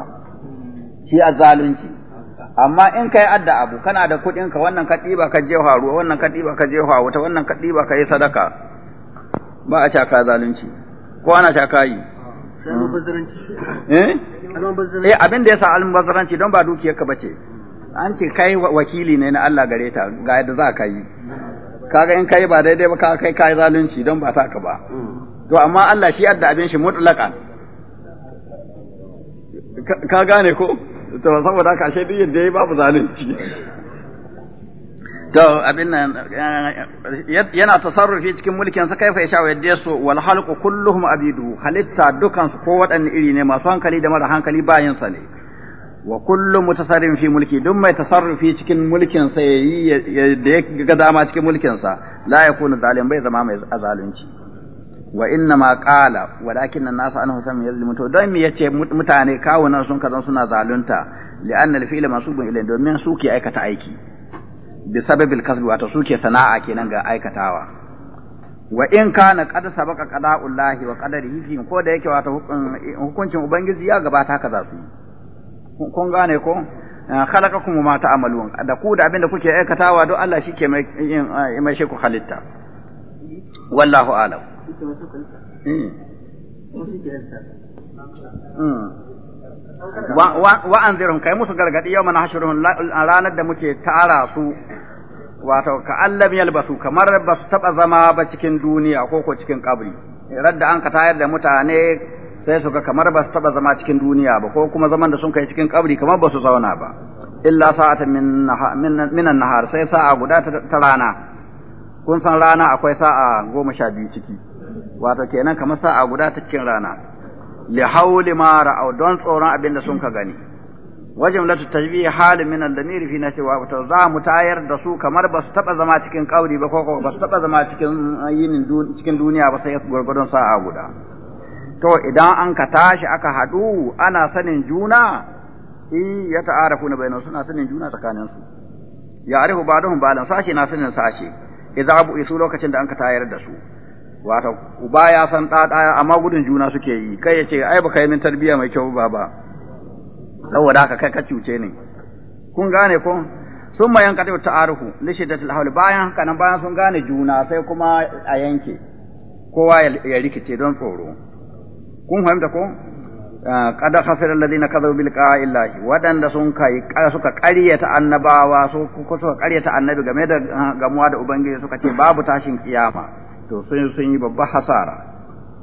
shi zalunci. amma in kai adda abu kana da kuɗin ka wannan kadiba ka jefa ruwa wannan kadiba ka jefa wata wannan kadiba ka yi sadaka ba a caka zalunci ko ana caka yi eh? eh abin da yasa bazaranci don ba ka bace an ce kai wakili ne na Allah gare ta ga yadda za ka yi kaga in kai ba daidai ba ka kai kai zalunci don ba ta ka ba mm. to amma Allah shi adda abin shi mutlaqan ka gane ko to saboda haka ashe duk yadda yayi babu zalunci to abin nan yana tasarrufi cikin mulkin sa kaifa yasha yadda su wal halqu kulluhum abidu halitta dukan su ko waɗanne iri ne masu hankali da mara hankali bayan sa ne wa kullu mutasarrin fi mulki duk mai tasarrufi cikin mulkin sa yayi da ya ga dama cikin mulkin sa la yakunu zalim bai zama mai zalunci wa inna ma qala walakin an-nas anhu sam yazlimu to dan me yace mutane kawunan sun kazan suna zalunta li'anna al-fi'la masubun ilayhi domin su ke aikata aiki bi sababil kasbi wato su ke sana'a kenan ga aikatawa wa in kana qad sabaqa qada'ullahi wa qadarihi fi ko da yake wato hukuncin ubangiji ya gabata haka za su kun gane ko eh, khalaqakum ma ta'malun da ku da abin da kuke aikatawa don Allah shi ke mai eh, mai shi ku halitta wallahu a'lam Eh. Hmm. wa anzirhum kai musu gargadi yau mana hashirun ranar da muke tara su wato ka allam yalbasu kamar ba su taba zama ba cikin duniya ko ko cikin kabri radda an ka tayar da mutane sai su ga kamar ba su taba zama cikin duniya ba ko kuma zaman da sun kai cikin kabri kamar ba su zauna ba illa sa'atan min minan nahar sai sa'a guda ta rana kun san rana akwai sa'a goma sha biyu ciki wato kenan kamar sa'a guda ta cikin rana li hauli ma ra'au don tsoron abin da sun ka gani wajen latu tajbi halin min al-damir fi nafsi wa ta za mu tayar da su kamar ba su taba zama cikin kauri ba ko ba su taba zama cikin yinin cikin duniya ba sai gurgurdon sa'a guda to idan an ka tashi aka hadu ana sanin juna i ya ta'arafu na bayanan suna sanin juna tsakanin su ya arifu ba duhun balan sashe na sanin sashe idza bu isu lokacin da an ka tayar da su wato uba ya san ɗaɗa amma gudun juna suke yi kai ya ce ai baka yi min tarbiyya mai kyau ba ba saboda haka kai ka cuce ne kun gane ko sun ta arhu ta'arufu shi da hawl bayan haka nan bayan sun gane juna sai kuma a yanke kowa ya rikice don tsoro kun fahimta ko ah, qad khasira alladhina kadhabu bil qa'illahi wadanda sun kai suka ƙaryata annabawa su suka ƙaryata annabi game da ah, gamuwa da ubangiji suka ce babu tashin kiyama to sun sun yi babba hasara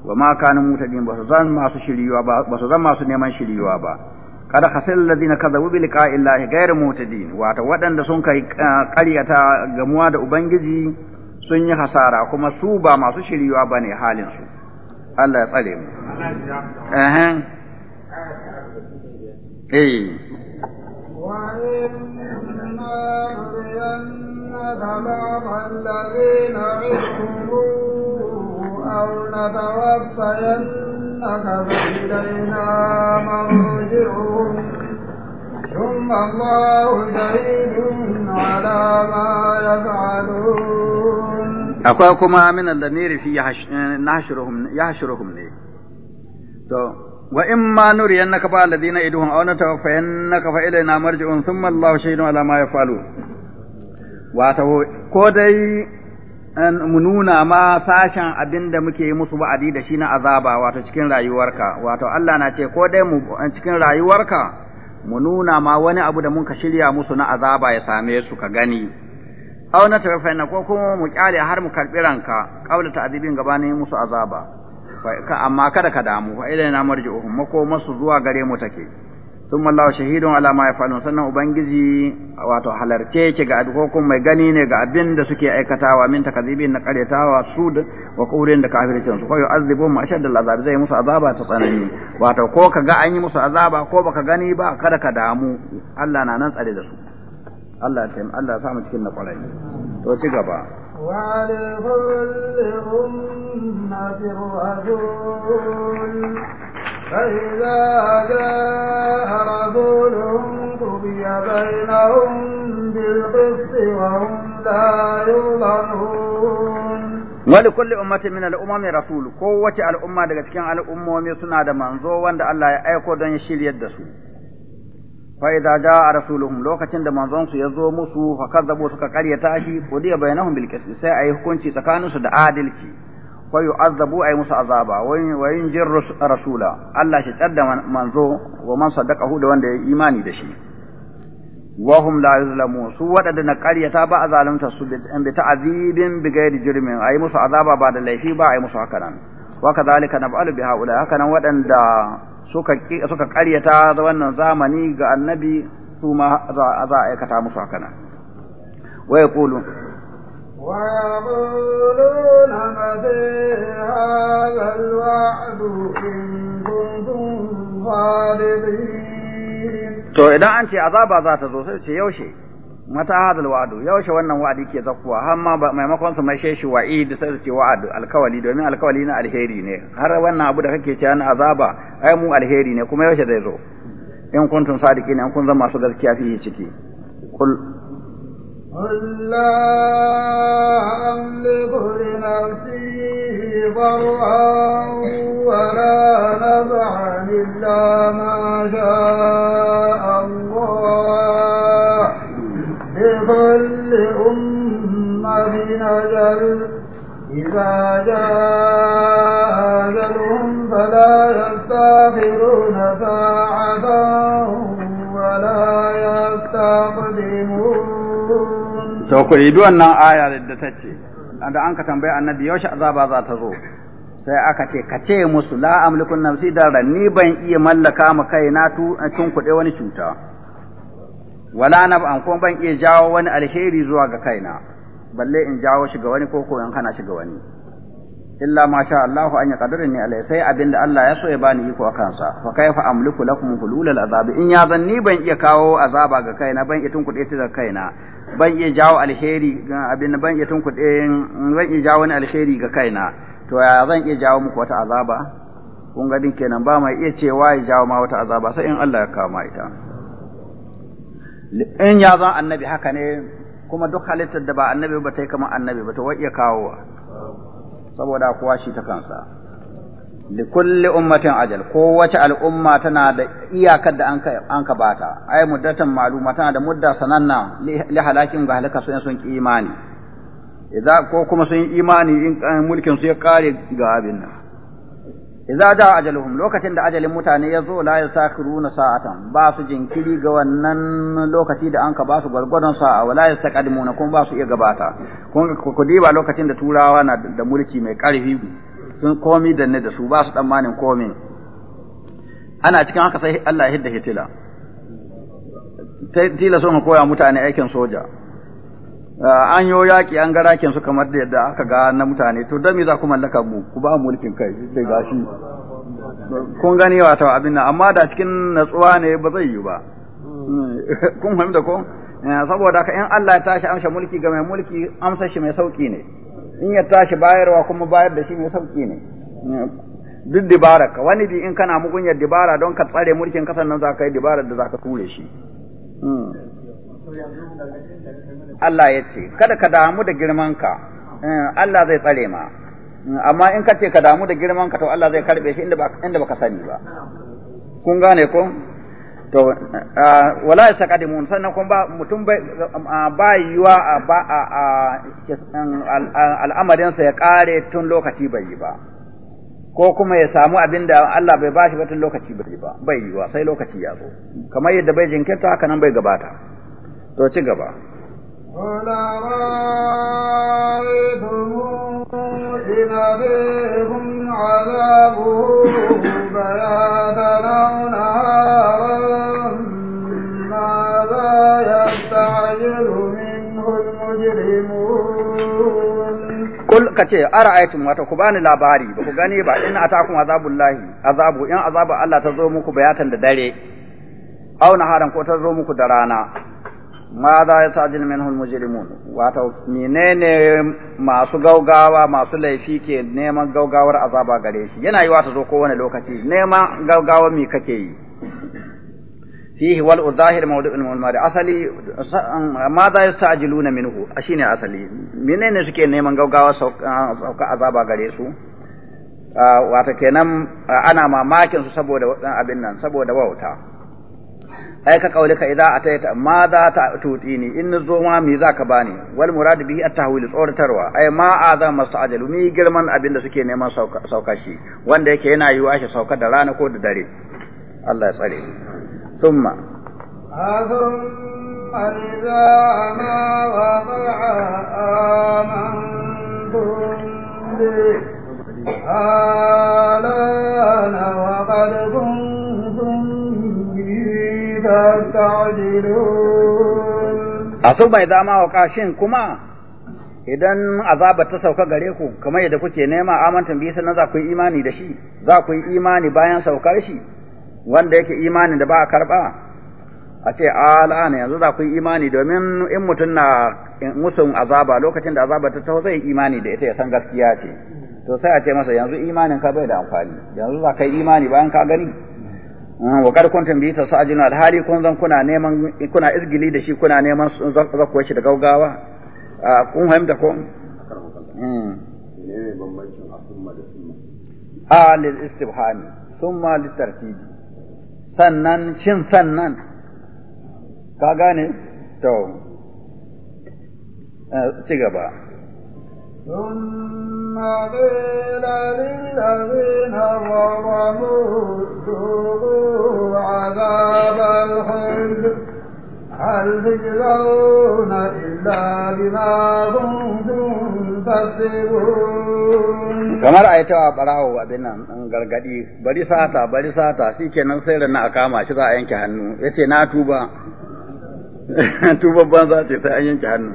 wa ma kana mutadin ba su zan masu shiriyuwa ba ba su zan masu neman shiriyuwa ba kada hasal ladina kadabu bi liqa'i llahi ghayr mutadin wato waɗanda sun kai eh, ƙaryata gamuwa da ubangiji sun yi hasara kuma su ba masu shiriyuwa bane halin su Allah ya tsare mu eh وإما نرينك بعض الذين عدهم أو نتوفينك فإلينا مرجعهم ثم الله شهيد على ما يفعلون أقوى كما من الذين في يحشرهم يحشرهم ليه wa in ma nuriyannaka fa alladhina iduhum aw natawaffayannaka fa ilayna marji'un thumma Allahu shahidun ala ma yafalu wato ko dai mu nuna ma sashen abin da muke yi musu ba'adi da shi na azaba wato cikin rayuwarka wato Allah na ce ko dai mu cikin rayuwarka mu nuna ma wani abu da mun ka shirya musu na azaba ya same su ka gani aw na tawaffayna ko kuma mu kyale har mu karbi ranka qawla ta'dibin gabanin musu azaba amma kada ka damu fa na marji'uhum makoma su zuwa gare mu take thumma Allahu shahidun ala ma yaf'alun sannan ubangiji wato halarce ki ga adhokun mai gani ne ga abin da suke aikatawa min takazibin na karyatawa su da wa kurin da kafircin su koyo azibu ma ashadda al'azab zai musu azaba ta tsanani wato ko ka ga an yi musu azaba ko baka gani ba kada ka damu Allah na nan tsare da su Allah ya Allah ya sa mu cikin na kwarai to ci gaba وعليهم a نفر أجول فإذا جاء رسولهم قضي بينهم بالقسط وهم لا يظلمون wani kulli ummatin min al-umami rasul ko wace al'umma daga cikin al'ummomi suna da manzo wanda Allah ya aiko don ya shiryar da su fa idza jaa rasuluhum lokacin da manzon su yazo musu fa kazzabu suka karyata shi qudiya bainahum bil qist sai ayi hukunci tsakanin su da adalci wa yu'azzabu ay musu azaba wa yunjir rasula Allah shi tsadda manzo wa man saddaqahu da wanda ya imani da shi wa hum la yuzlamu su wadanda na karyata ba a zalunta su bi ta'azibin bi ghairi jurmin ay musu azaba ba da laifi ba ay musu hakanan wa na nab'alu bi haula hakanan wadanda suka suka da wannan zamani ga annabi su ma za a aikata musu haka nan wa yaqulu wa yaquluna madha hadha alwa'du in kuntum to idan an ce azaba za ta zo sai ce yaushe mata hadal wa'adu yaushe wannan wa'adi ke zakkuwa har ma maimakon su mai sheshi wa'id sai su ce wa'adu alkawali domin alkawali na alheri ne har wannan abu da kake cewa na azaba ai mu alheri ne kuma yaushe zai zo in kuntum sadiqin in kun zama masu gaskiya fiye ciki kul لا أملك لنفسي ضرعا ولا نفعا إلا ما شاء الله لكل أمة أجل إذا جاء أجلهم فلا يستأخرون ساعة ولا يستقدمون to ku ribi wannan aya da ta ce da an ka tambayi annabi yaushe azaba za ta zo sai aka ce ka ce musu la amliku nafsi da ranni ban iya mallaka ma kaina tun kuɗe wani cuta wala na an kuma ban iya jawo wani alheri zuwa ga kaina balle in jawo shi ga wani ko ko in hana shi ga wani illa ma sha Allah an ya kadara ni alai sai abinda Allah ya so ya bani iko akan sa fa kaifa amliku lakum hululal azab in ya zan ni ban iya kawo azaba ga kaina ban iya tunkuɗe ta ga kaina ban iya jawo alheri abin ban iya tunkuɗe ban iya jawo wani alheri ga kaina to ya zan iya jawo muku wata azaba kun ga din kenan ba mai iya cewa ya jawo ma wata azaba sai in Allah ya kama ita in ya zan annabi haka ne kuma duk halittar da ba annabi ba ta yi kamar annabi ba ta wai kawo kawowa saboda kuwa shi ta kansa li kulli ummatin ajal kowace al'umma tana da iyakar da an ka bata ai muddatan maluma tana da mudda sananna li halakin ga halaka sun sun ki imani idan ko kuma sun imani in eh, mulkin su ya kare ga abin nan iza da ajaluhum lokacin da ajalin mutane ya zo la yasakhiruna sa'atan ba su jinkiri ga wannan lokaci da anka ba su gwargwadon sa'a wa la yastaqdimuna kuma ba su iya gabata kun ku diba lokacin da turawa na da mulki mai karfi sun komi da ne da su ba su tsammanin komi ana cikin haka sai Allah ya hidda hitila tila sun koya mutane aikin soja Ah, an yo yaki an garaken su kamar da yadda aka ga na mutane to don me za ku mallaka mu ku ba mulkin kai sai gashi kun gane wato abin nan amma da cikin natsuwa ne ba zai yi ba kun fahimta ko eh, saboda haka in Allah ya tashi amsa mulki ga mai mulki amsa shi mai sauki ne in ya tashi bayarwa kuma bayar da shi mai sauki ne eh, duk dibara ka wani bi in kana mugunyar dibara don ka tsare mulkin kasan nan za ka yi dibara da za ka ture shi hmm. Allah ya ce kada ka damu da girmanka eh, Allah zai tsare ma amma in ka ce ka damu da girmanka to Allah zai karbe shi inda ka sani ba kun gane ko to eh, wala ya saka dimun sannan kun ba mutum eh, ba yiwa a al'amarinsa ya kare tun lokaci bai yi ba ko kuma ya samu abin da Allah bai bashi ba tun lokaci bai yi ba bai yiwa sai lokaci ya zo kamar yadda bai jinkirta haka nan bai gabata to ci gaba kul ka ce ara aitum wato ku bani labari ba ku gane ba in taku azabullahi azabu in azabu Allah ta zo muku bayatan da dare auna haran ko ta zo muku da rana ma za ya ta'jil minhu al-mujrimun wato menene masu gaugawa masu laifi ke neman gaugawar azaba gare shi yana yi wata zo kowane lokaci neman gaugawa mi kake yi fihi wal zahir mawdu'ul mari asali ma za ya ta'jiluna minhu ne asali menene suke neman gaugawa sauka azaba gare su wata kenan ana mamakin su saboda abin nan saboda wauta ai ka kaulika idza ataita ma za ta ni in zo ma mi za ka bani wal murad bihi at tahwil tsoratarwa ai ma azam masajalu mi girman abinda suke neman sauka shi wanda yake yana yiwa shi sauka da rana ko da dare Allah ya tsare thumma قال A su bai zama wa kashin kuma idan azaba ta sauka gare ku kamar yadda kuke nema amantan bisa na za ku yi imani da shi za ku yi imani bayan saukar shi wanda yake imani da ba a karba a ce al'ana yanzu za ku yi imani domin in mutum na musun azaba lokacin da azaba ta taho zai imani da ita ya san gaskiya ce to sai a ce masa yanzu imanin ka bai da amfani yanzu za ka yi imani bayan ka gani Ah, wa kar kuntum bi tasajun alhali kun zan kuna neman kuna izgili da shi kuna neman zakko shi da gaugawa ah, kun fahimta ko hmm. a ah, lil istibhami summa lit tartibi sannan shin sannan ka gane to eh, ci gaba ثم قيل للذين ظلموا هل تجزون إلا بما كنتم تكسبون kamar a yi ta barawo abin nan gargadi bari sata bari sata shi kenan sai da na kama shi za a yanke hannu ya ce na tuba tuba ban za ce sai an yanke hannu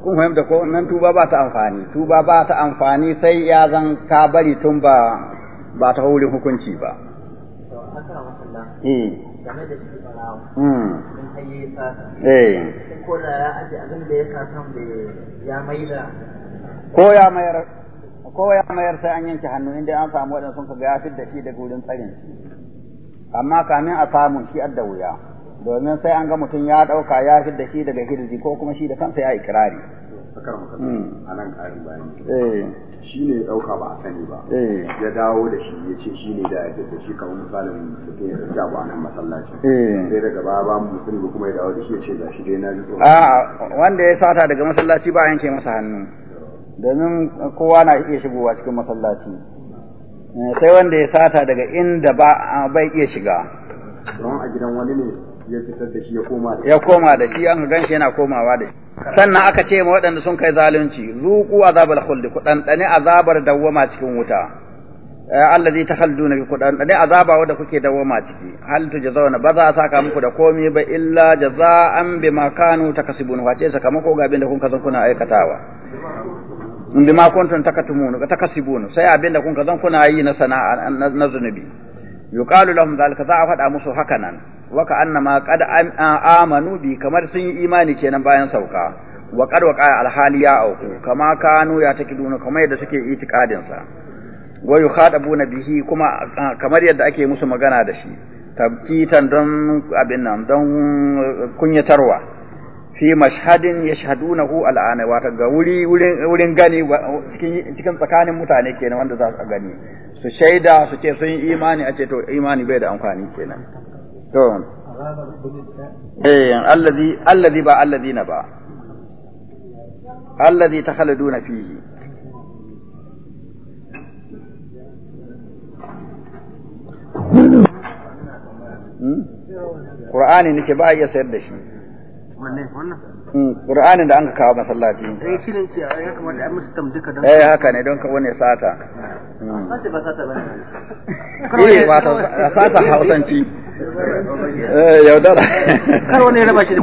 kun fahimta ko nan tuba ba ta amfani tuba ba ta amfani sai ya zan ka bari tun ba ba ta wurin hukunci ba eh game da shi barawo hmm. ya yi eh ko da ya aje abin da ya da ya maida ko ya mayar ko ya mayar sai an yanke hannu inda an samu waɗansu ka ga da shi daga wurin tsarin amma kamin a samu shi adda wuya domin sai an ga mutum ya ɗauka ya fi da shi daga hirzi ko kuma shi da kansa ya ikirari. kirari. Hmm. a nan shi ne ɗauka ba a sani ba eh. ya dawo da shi ya ce shi ne da ya da shi kawo misalin da ke ɗauki ba nan masallaci eh. sai daga baya ba mu sun ba kuma ya dawo da shi ya ce ga shi dai na ji a wanda ya sata daga masallaci ba yanke masa hannu domin kowa na iya shigowa cikin masallaci eh, sai wanda ya sata daga inda ba bai iya shiga don a gidan wani ne ya fitar da shi ya koma da shi ya koma da shi an gan shi yana komawa da shi sannan aka ce ma waɗanda sun kai zalunci zuku azabal khuld ku ɗanɗane azabar dawwama cikin wuta eh, allazi takhalduna bi kudan dane azaba wanda kuke dawwama ciki hal tujzauna ba za a saka muku da komai ba illa jazaan bima kanu takasibun wace sakamako ga abinda kun kazan kuna aikatawa in bima kuntum takatumun takasibun sai abinda kun kazan kuna yi na sana'a na zunubi yuqalu lahum zalika za a faɗa musu hakanan Waka annama qad amanu bi kamar sun yi imani kenan bayan sauka wa qad waqa alhali ya auku kama kanu ya takiduna kamar yadda suke itikadin sa wa yukhadabuna bihi kuma kamar yadda ake musu magana da shi tabkitan don abin nan don kunyatarwa fi mashhadin yashhadunahu al'ana wata ga wuri wurin gani cikin tsakanin mutane kenan wanda za su gani su shaida su ce sun yi imani a ce to imani bai da amfani kenan to eh allazi allazi ba allazina ba allazi takhaluduna fihi hmm? Qur'ani nake ba a iya sayar da shi. Hmm, Qur'anin da an ka kawo masallaci. Eh shi ne don. Eh haka ne don ka wani sata. Sata hmm. ba sata ba. Kawai sata hausanci. Eh, yaudara kar wani raba shi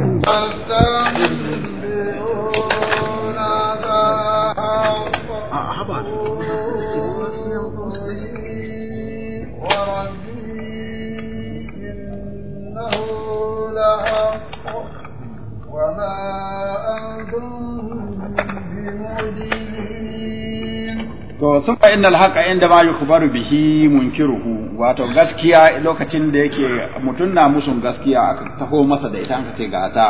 da وما أنتم ah, to sun fa innal haqa inda ma yukhbaru bihi munkiruhu wato gaskiya lokacin da yake mutun na musun gaskiya aka taho masa da ita an kace ga ta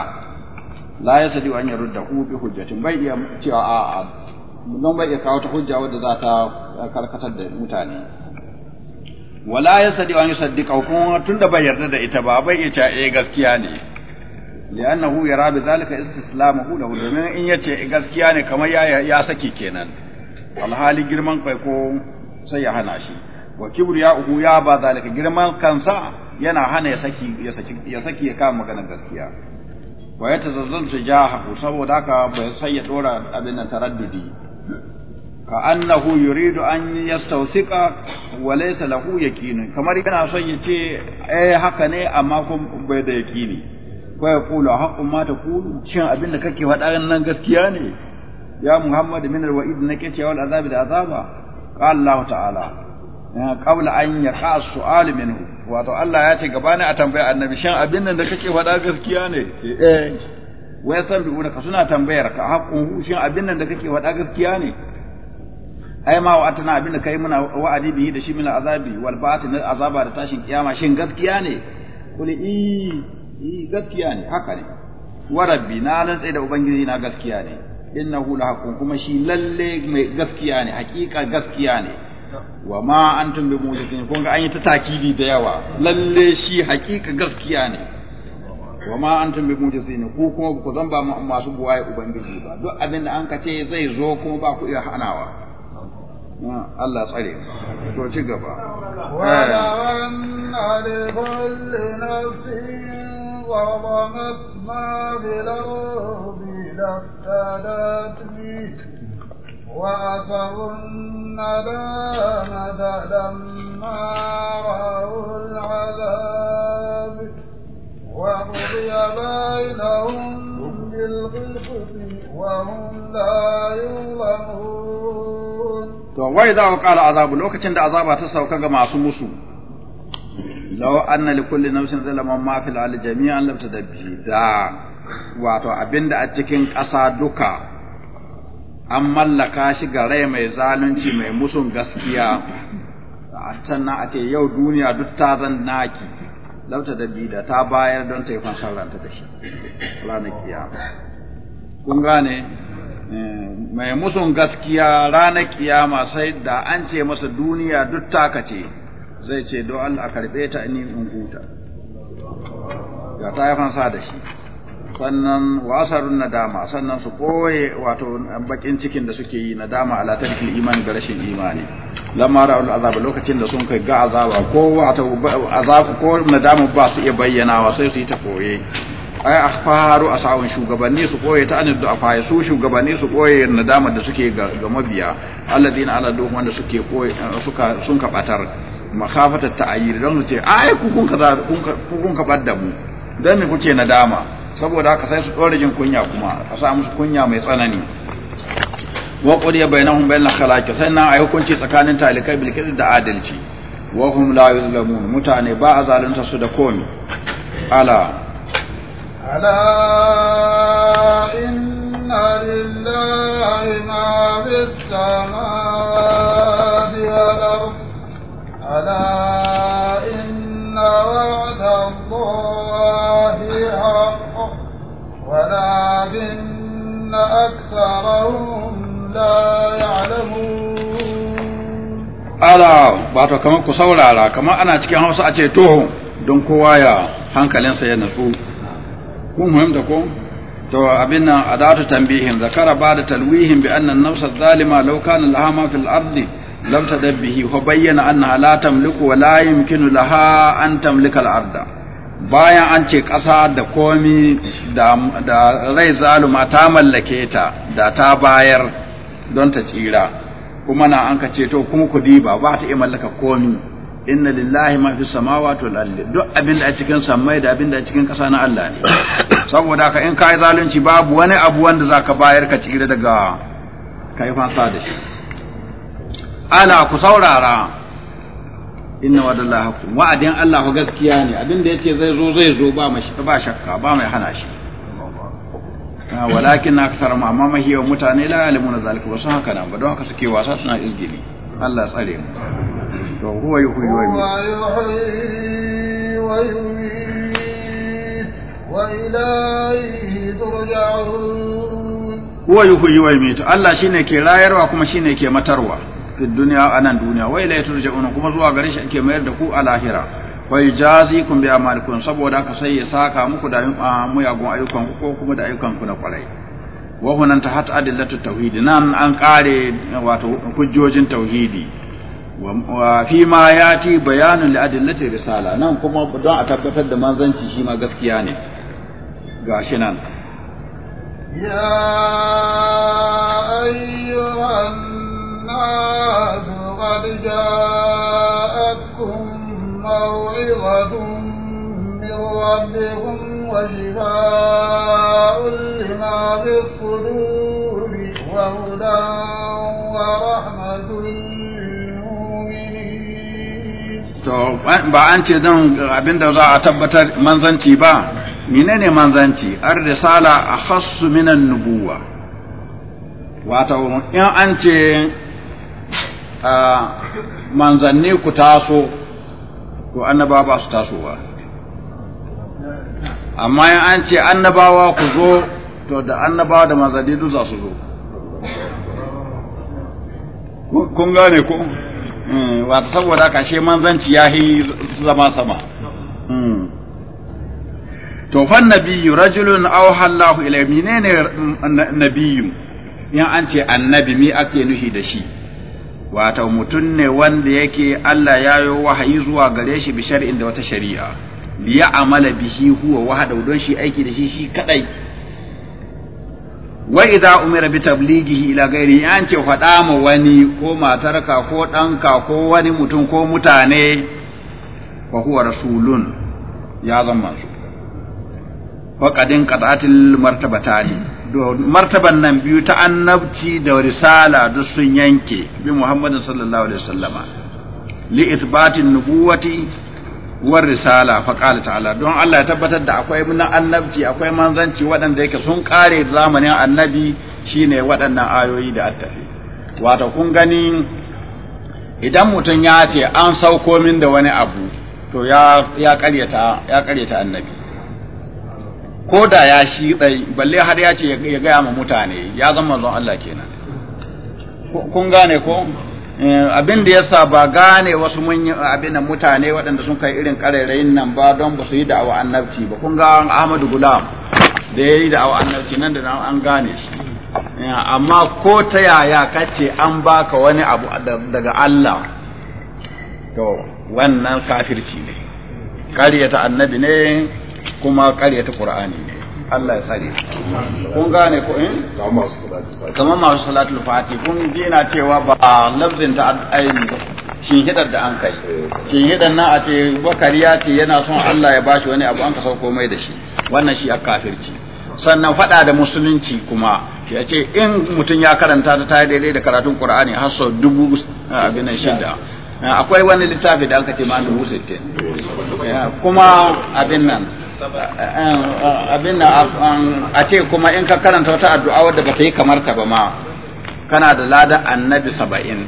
la yasdi an yarudda hu bi hujjatin bai iya cewa a a mun bai iya kawo ta hujja wadda za ta karkatar da mutane wala ya yasdi an yusaddiqa kuma tunda bai yarda da ita ba bai iya cewa eh gaskiya ne li'annahu yara bi zalika istislamuhu lahu domin in yace eh, gaskiya ne kamar ya saki kenan alhali girman kai ko sai ya hana shi wa kibriya uhu ya ba zalika girman kansa yana hana ya saki ya saki ya saki ya kama magana gaskiya wa ya tazazzal tijahu saboda haka bai sai ya dora abin nan taraddudi ka annahu yuridu an yastawthika wa laysa lahu yaqin kamar yana son ya ce eh haka ne amma kuma bai da yaqini ko ya kula haqqun ma ta kulu cin abin da kake faɗa nan gaskiya ne ya muhammad min alwa'id nake cewa al'azab da azaba qala allah ta'ala qabla an ya yaqa su'al Wa wato allah ya ce gabani a tambaya annabi shin abin nan da kake faɗa gaskiya ne eh wai san bi ka suna tambayar ka haƙun shin abin nan da kake faɗa gaskiya ne ai ma wa'atana abin da kai muna wa'adi bihi da shi min azabi wal ba'ati na azaba da tashin kiyama shin gaskiya ne kuli i gaskiya ne haka ne wa rabbi na lantsai da ubangiji na gaskiya ne innahu lahaqqun kuma shi lalle mai gaskiya ne haqiqa gaskiya ne wa ma antum bi mujizin kun ga an yi ta takidi da yawa lalle shi haqiqa gaskiya ne wa ma antum bi mujizin ku kuma ku zan ba masu buwaye ubangiji ba duk abin da an ka ce zai zo kuma ba ku iya hanawa Allah tsare to ci gaba wa la anna nafsin وضمت ما في الأرض لافتدت به وأثروا الندامة لما رأوا العذاب وقضي بينهم بالقسط وهم لا يظلمون. To wai za a ƙara azabu lokacin da azaba ta sauka ga masu musu law anna li kulli nafsin zalaman ma fil al jami'an lam tadabbi da wato abinda a cikin ƙasa duka an mallaka shi ga rai mai zalunci mai musun gaskiya sannan a ce yau duniya duk ta zan naki lam tadabbi da ta bayar don ta yi fansar ranta da shi ranar kiyama kun gane mai musun gaskiya ranar kiyama sai da an ce masa duniya duk ta ce zai ce don Allah a karɓe ta ni in huta ga ta ya sa da shi sannan wasarun nadama sannan su koye wato bakin cikin da suke yi nadama ala tarkil imani da rashin imani lamma ra'ul azaba lokacin da sun kai ga azaba ko wato azaba ko nadama ba su iya bayyanawa sai su yi ta koye ai akhfaru asawun shugabanni su koye ta anid du'afa su shugabanni su koye nadama da suke ga mabiya alladina ala wanda suke koye suka sun kabatar ta ta'ayyir don su ce ai ku kun kaza ku kun kabar da mu dan me kuke nadama saboda haka sai su dore kunya kuma a sa musu kunya mai tsanani wa qudiya bainahum bainal khalaqi sai na hukunci tsakanin talikai bil da adalci wa hum la yuzlamun mutane ba a zalunta su da komi ala ala inna lillahi ma samawati wal ardi ألا إن وعد الله حق ولكن أكثرهم لا يعلمون ألا باتو كمان كسولا لا كمان أنا تكي هوسا أتيتوه don kowa ya hankalinsa ya natsu kun fahimta ko to abin adatu tanbihin zakara ba da talwihin bi annan nafsa zalima law kana laha ma fil ardi lam tadab bihi bayyana annaha la tamliku wa la yumkinu laha an tamlika al-arda bayan an ce ƙasa da komi da rai zaluma ta mallake ta da ta bayar don ta tsira kuma na an ka ce to kuma kudi ba, ba ta iya mallaka komi inna lillahi ma fi samawati wal ardi duk abin da a cikin samai da abin da a cikin ƙasa na Allah ne saboda haka in kai zalunci babu wani abu wanda zaka bayar ka tsira daga kai fansa da shi ala ku saurara inna wadallahi haqqun wa'adin Allah gaskiya ne abin da yace zai zo zai zo ba mashi ba shakka ba mai hana shi ah, walakin akthar ma amma mahiyaw mutane la yalimuna zalika wasu haka nan ba don haka suke wasa suna izgili Allah tsare mu to huwa yuhyi wa yumiit wa ilayhi turja'un huwa yuhyi wa yumiit Allah shine ke rayarwa kuma shine ke matarwa fi duniya anan duniya lai kuma zuwa gare shi ake mayar da ku a lahira wa kun bi amalikum saboda haka sai ya saka muku da muyagun ayyukan ku ko kuma da ayyukan ku na kwarai wa hunan tahat adillatu tauhid nan an kare wato hujjojin tauhidi wa fi ma yati bayanun li adillati risala nan kuma don a tabbatar da manzanci shi ma gaskiya ne gashi nan يا جاءتكم موعظة من ربهم وشفاء لما في الصدور وهدى ورحمة ba an ce don abinda za a tabbatar manzanci ba menene manzanci ar risala a hassu minan nubuwa wato in an ce manzanni ku taso to annabawa ba su ba amma in an ce annabawa ku zo to da annabawa da manzanni duk za su zo kun gane ko hmm, wata saboda kashe manzanci ya yi zama sama hmm. to fan nabiyyu rajulun aw hallahu ilayhi ne nabiyyu Yin an ce annabi mi ake nuhi da shi Wata mutum ne wanda yake Allah ya yi wahayi zuwa gare shi bi shar'in da wata shari'a li amala bihi huwa wahada don shi aiki da shi shi kadai wa idza umira bi tablighihi ila ghairi an ce fada ma wani ko matarka ko danka ko wani mutum ko mutane fa huwa rasulun ya zama su qadin qata'atil martabatani martaban nan biyu ta annabci da risala duk sun yanke bi Muhammadin sallallahu alaihi wasallama li nubuwati war risala fa qala ta'ala don Allah ya tabbatar da akwai mun annabci akwai manzanci waɗanda yake sun kare zamanin annabi shine waɗannan ayoyi da attafi wato kun gani idan mutum ya ce an sauko min da wani abu to ya ya ƙaryata ya ƙaryata annabi ko da ya shi ɗai balle har ya ce ya gaya ma mutane ya zama zan Allah kenan kun gane ko eh, abin da yasa ba gane wasu mun abin mutane waɗanda sun kai irin ƙarairayin nan ba don ba su yi da'awa annabci ba kun ga Ahmadu Gulam da ya yi da'awa annabci nan da an gane shi eh, amma ko ta yaya kace an baka wani abu daga Allah to wannan kafirci ne ta annabi ne kuma karyata qur'ani ne Allah ya sani kun gane ko in eh? kamar masu salatul fati kun dina cewa ba lafzin ta ayin shin hidar da an kai shin hidar na a ce ya ce yana son Allah ya bashi wani abu an ka sauko mai da shi wannan shi a kafirci sannan fada da musulunci kuma ya ce in mutum ya karanta ta ta daidai da karatun qur'ani har sau dubu abin shida akwai wani littafi da aka ce ma dubu sittin kuma abin nan abin da a ce kuma in ka karanta wata addu'a wadda ba ta yi kamar ta ba ma kana da ladan annabi saba'in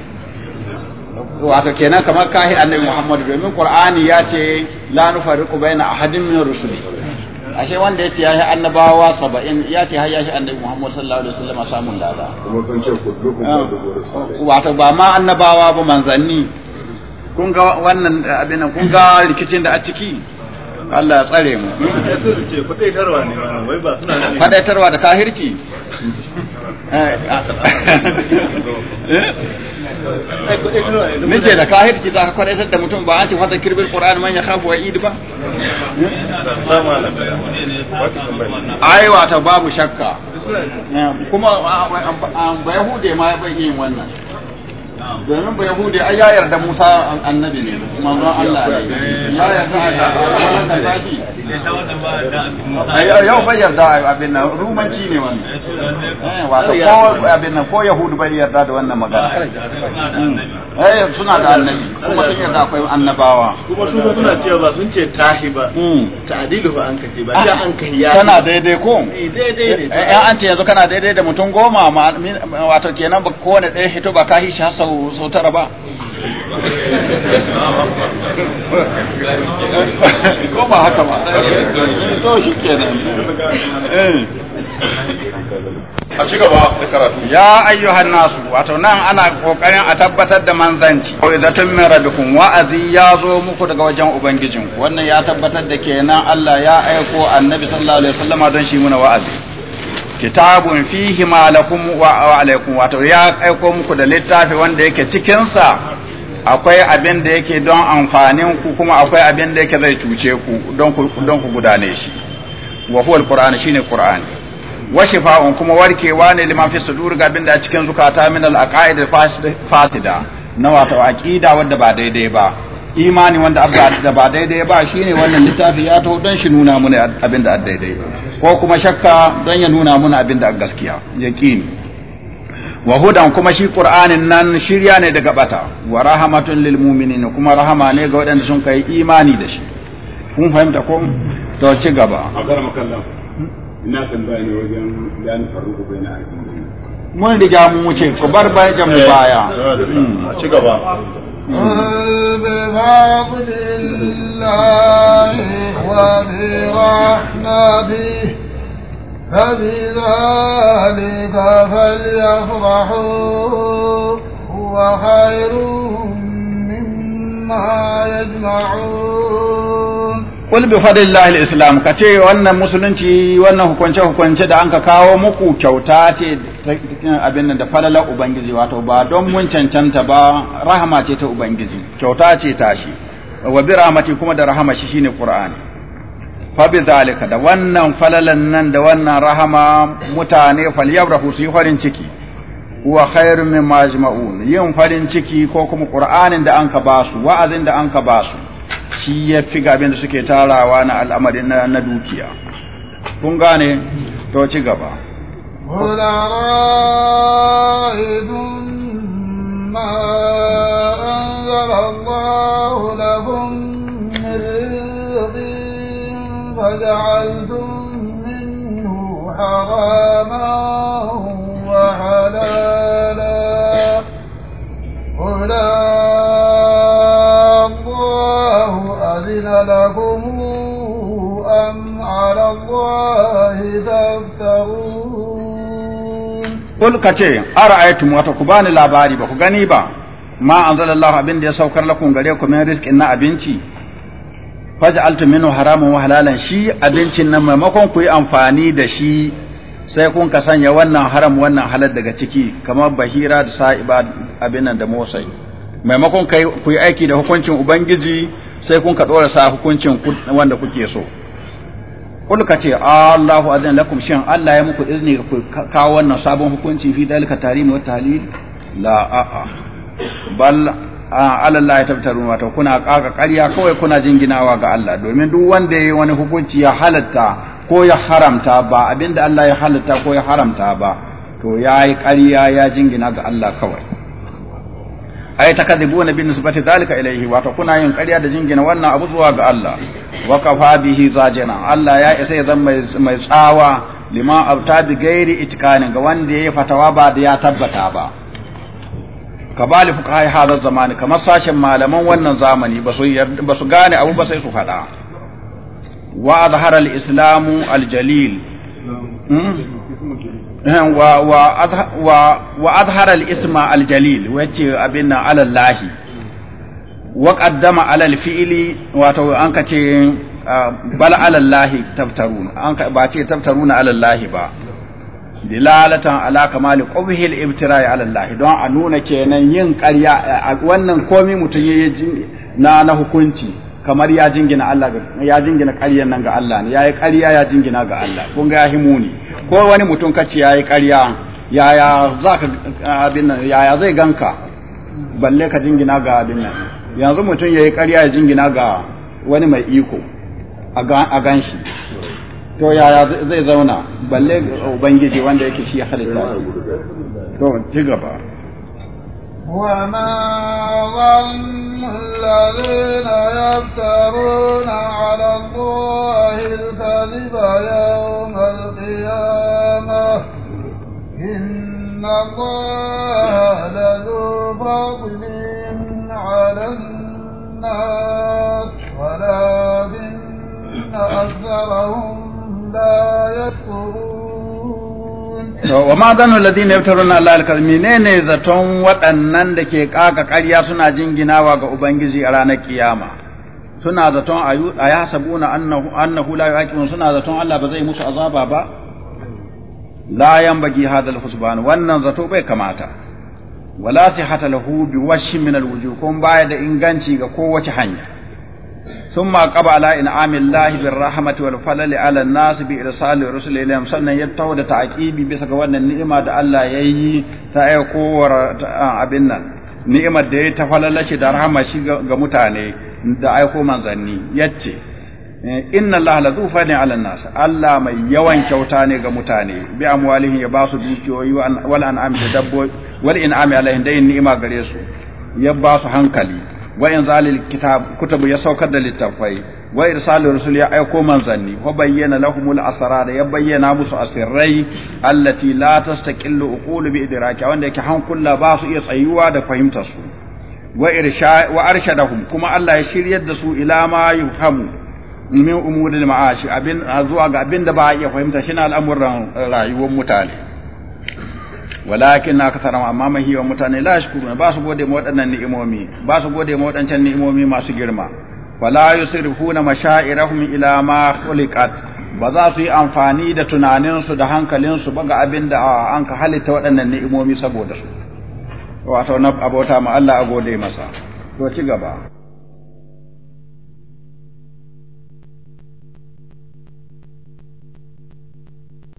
wato kenan kamar kahi annabi muhammadu domin qur'ani ya ce la nufariqu baina ahadin min rusuli ashe wanda ya ce ya annabawa saba'in ya ce har ya shi annabi muhammadu sallallahu alaihi wasallam samun lada. Wato ba ma annabawa ba manzanni kun ga wannan abin kun ga rikicin da a ciki. Allah ya tsare mu faɗaitarwa da kahirci Nace da kahirci za ka kwadaitar da mutum ba a ce wata kirbin Qur'an man ya kafu wa id ba? Ai wata babu shakka. Kuma ba Yahude ma ya yin wannan. domin ba yahudi ai ya yarda musa annabi ne manzon allah ne ya yarda a ta tashi yau bai yarda abin nan rumanci ne wannan wato ko abin nan ko yahudu bai yarda da wannan magana eh suna da annabi kuma sun yarda akwai annabawa kuma su suna cewa ba sun ce tahi ba ta'dilu ba an kace ba ya an kai ya kana daidai ko daidai ne an ce yanzu kana daidai da mutum goma wato kenan ba kowane ɗaya hito ba ka hishi hasa sau so tara ba ko ba haka ba to shi kenan eh. a ci gaba da karatu ya ayyuhan nasu wato nan ana kokarin a tabbatar da manzanci ko tun min rabbikum wa'azi ya zo muku daga wajen ubangijin wannan ya tabbatar da kenan Allah ya aiko annabi sallallahu alaihi wasallama don shi muna wa'azi kitabun fihi ma lakum wa alaikum wato ya aiko muku da littafi wanda yake cikinsa akwai abin da yake don amfanin ku kuma akwai abin da yake zai cuce ku don ku don ku gudane shi wa huwa alquran shine qur'an wa shifa'un kuma warkewa ne liman fi sudur ga abin da cikin zukata min al aqaid fasida na wato aqida wadda ba daidai ba imani wanda abba da ba daidai ba shine wannan littafi ya taho don shi nuna muna abin da daidai ko kuma shakka don ya nuna muna abin da gaskiya yaqini wa hudan kuma shi qur'anin nan shirya ne daga bata wa rahmatun lil mu'minin kuma rahama ne ga wadanda sun kai imani da shi kun fahimta ko to ci gaba ina tambaya ne wajen gani faruku bai na mun riga mu wuce ku bar bayan eh, hmm, ci gaba Ƙulbe fadilallan da ta fi wannan da ta ka ce wannan musulunci, wannan hukunce-hukunce, da hanka kawo muku kyauta ce. abin nan da falala ubangiji wato ba don mun cancanta ba rahama ce ta ubangiji kyauta ce shi wa bi rahmati kuma da rahama shi shine qur'ani fa bi zalika da wannan falalan nan da wannan rahama mutane yabrahu su yi farin ciki wa khairu min majma'un yin farin ciki ko kuma qur'anin da anka basu wa'azin da anka basu shi ya yafi abin da suke tarawa na al'amarin na dukiya kun gane to ci gaba قل أرأيتم ما أنزل الله لهم من رزق فجعلتم منه حراما وحلالا قل الله أذن لكم أم على الله تفترون kul ka ce ara'aytum wata ku bani labari ba ku gani ba ma anzalallahu abin da ya saukar lakun gare ku min rizqin na abinci faj'altu minhu haraman wa halalan shi abincin nan maimakon ku yi amfani da shi sai kun ka sanya wannan haram wannan halal daga ciki kamar bahira da sa'iba abin nan da Mosai maimakon ku yi aiki da hukuncin ubangiji sai kun ka dora sa hukuncin wanda kuke so kullu ka ce Allahu azan lakum shin Allah ya muku izini ku kawo wannan sabon hukunci fi dalika tarim wa tahlil la a a bal ala Allah ya tabtarun wato kuna kaka ƙarya kawai kuna jinginawa ga Allah domin duk wanda yayi wani hukunci ya halatta ko ya haramta ba abinda Allah ya halatta ko ya haramta ba to yayi ƙarya ya jingina ga Allah kawai ay takadibuna bi nisbati zalika ilayhi wato kuna yin ƙarya da jingina wannan abu zuwa ga Allah wa kafa bihi zajina Allah ya isa ya zama mai tsawa lima abta bi gairi itikanin ga wanda yi fatawa ba da ya tabbata ba kabali fuqahai hadar zamani kamar sashen malaman wannan zamani ba su ba su gane abu ba sai su faɗa wa azhara al-islamu al-jalil hmm? Eh, wa wa wa azhara al-isma al-jalil abin nan alallahi wa qaddama alal fi'li wato an ka ce bal alallahi tabtaruna an ka ba ce tabtaruna alallahi ba dilalatan ala kamali qubhi al-ibtira'i alallahi don a nuna kenan yin ƙarya wannan komai mutun yayin na na hukunci kamar ya jingina Allah ya jingina ƙaryan nan ga Allah ne yayi ƙarya ya jingina ga Allah kun ga himu ne ko wani mutum kace yayi ƙarya yaya zaka abin nan yaya zai ganka balle ka jingina ga abin nan yanzu mutum yayi ƙarya ya jingina ga wani mai iko a ganshi to yaya zai zauna balle ubangiji wanda yake shi halitta to ci gaba وما ظن الذين يفترون على الله الكذب يوم القيامة إن الله لذو فضل على الناس ولكن أكثرهم لا يشكرون wa ma zanu alladhina yaftaruna ala alkazmi ne ne zaton waɗannan da ke kaka ƙarya suna jinginawa ga ubangiji a ranar kiyama suna zaton ayu ayasabuna annahu annahu la suna zaton Allah ba zai musu azaba ba la yanbaghi hadal husban wannan zato bai kamata wala sihata lahu bi washi min alwujuh kun baya da inganci ga kowace hanya ثم قبل على انعام الله بالرحمه والفضل على الناس بارسال الرسل اليهم sannan ya taudata da ta'aqibi bisa ga wannan ni'ima da Allah yayi ta aikowar abin nan ni'imar da ya ta falalace da rahama shi ga mutane da aiko manzanni yace inna Allah la zufani ala nas Allah mai yawan kyauta ne ga mutane bi amwalihi ya basu dukiyoyi wal an'ami da dabbobi wal in'ami alaihim da ni'ima gare ya basu hankali wa yanzalil kitab kutubu ya saukar da littafai wa irsalur rusul ya aiko manzanni ko bayyana lahumul asrar ya bayyana musu asirrai allati la tastaqillu uqulu bi idraki wanda yake hankula ba su iya tsayuwa da fahimtar su wa irsha wa arshadahum kuma Allah ya shiryar da su ila ma yuhamu min umuril ma'ashi abin zuwa ga abin da ba a iya fahimta shi na al'amuran rayuwar mutane walakin na ka sarama amma mahi wa mutane la shukuru ba su gode ma waɗannan ni'imomi ba su gode ma waɗancan ni'imomi masu girma wala yusrifuna mashairahum ila ma khuliqat ba za su yi amfani da tunaninsu da hankalinsu ba ga abin da an ka halitta waɗannan ni'imomi saboda su wato na abota ma Allah a gode masa to ci gaba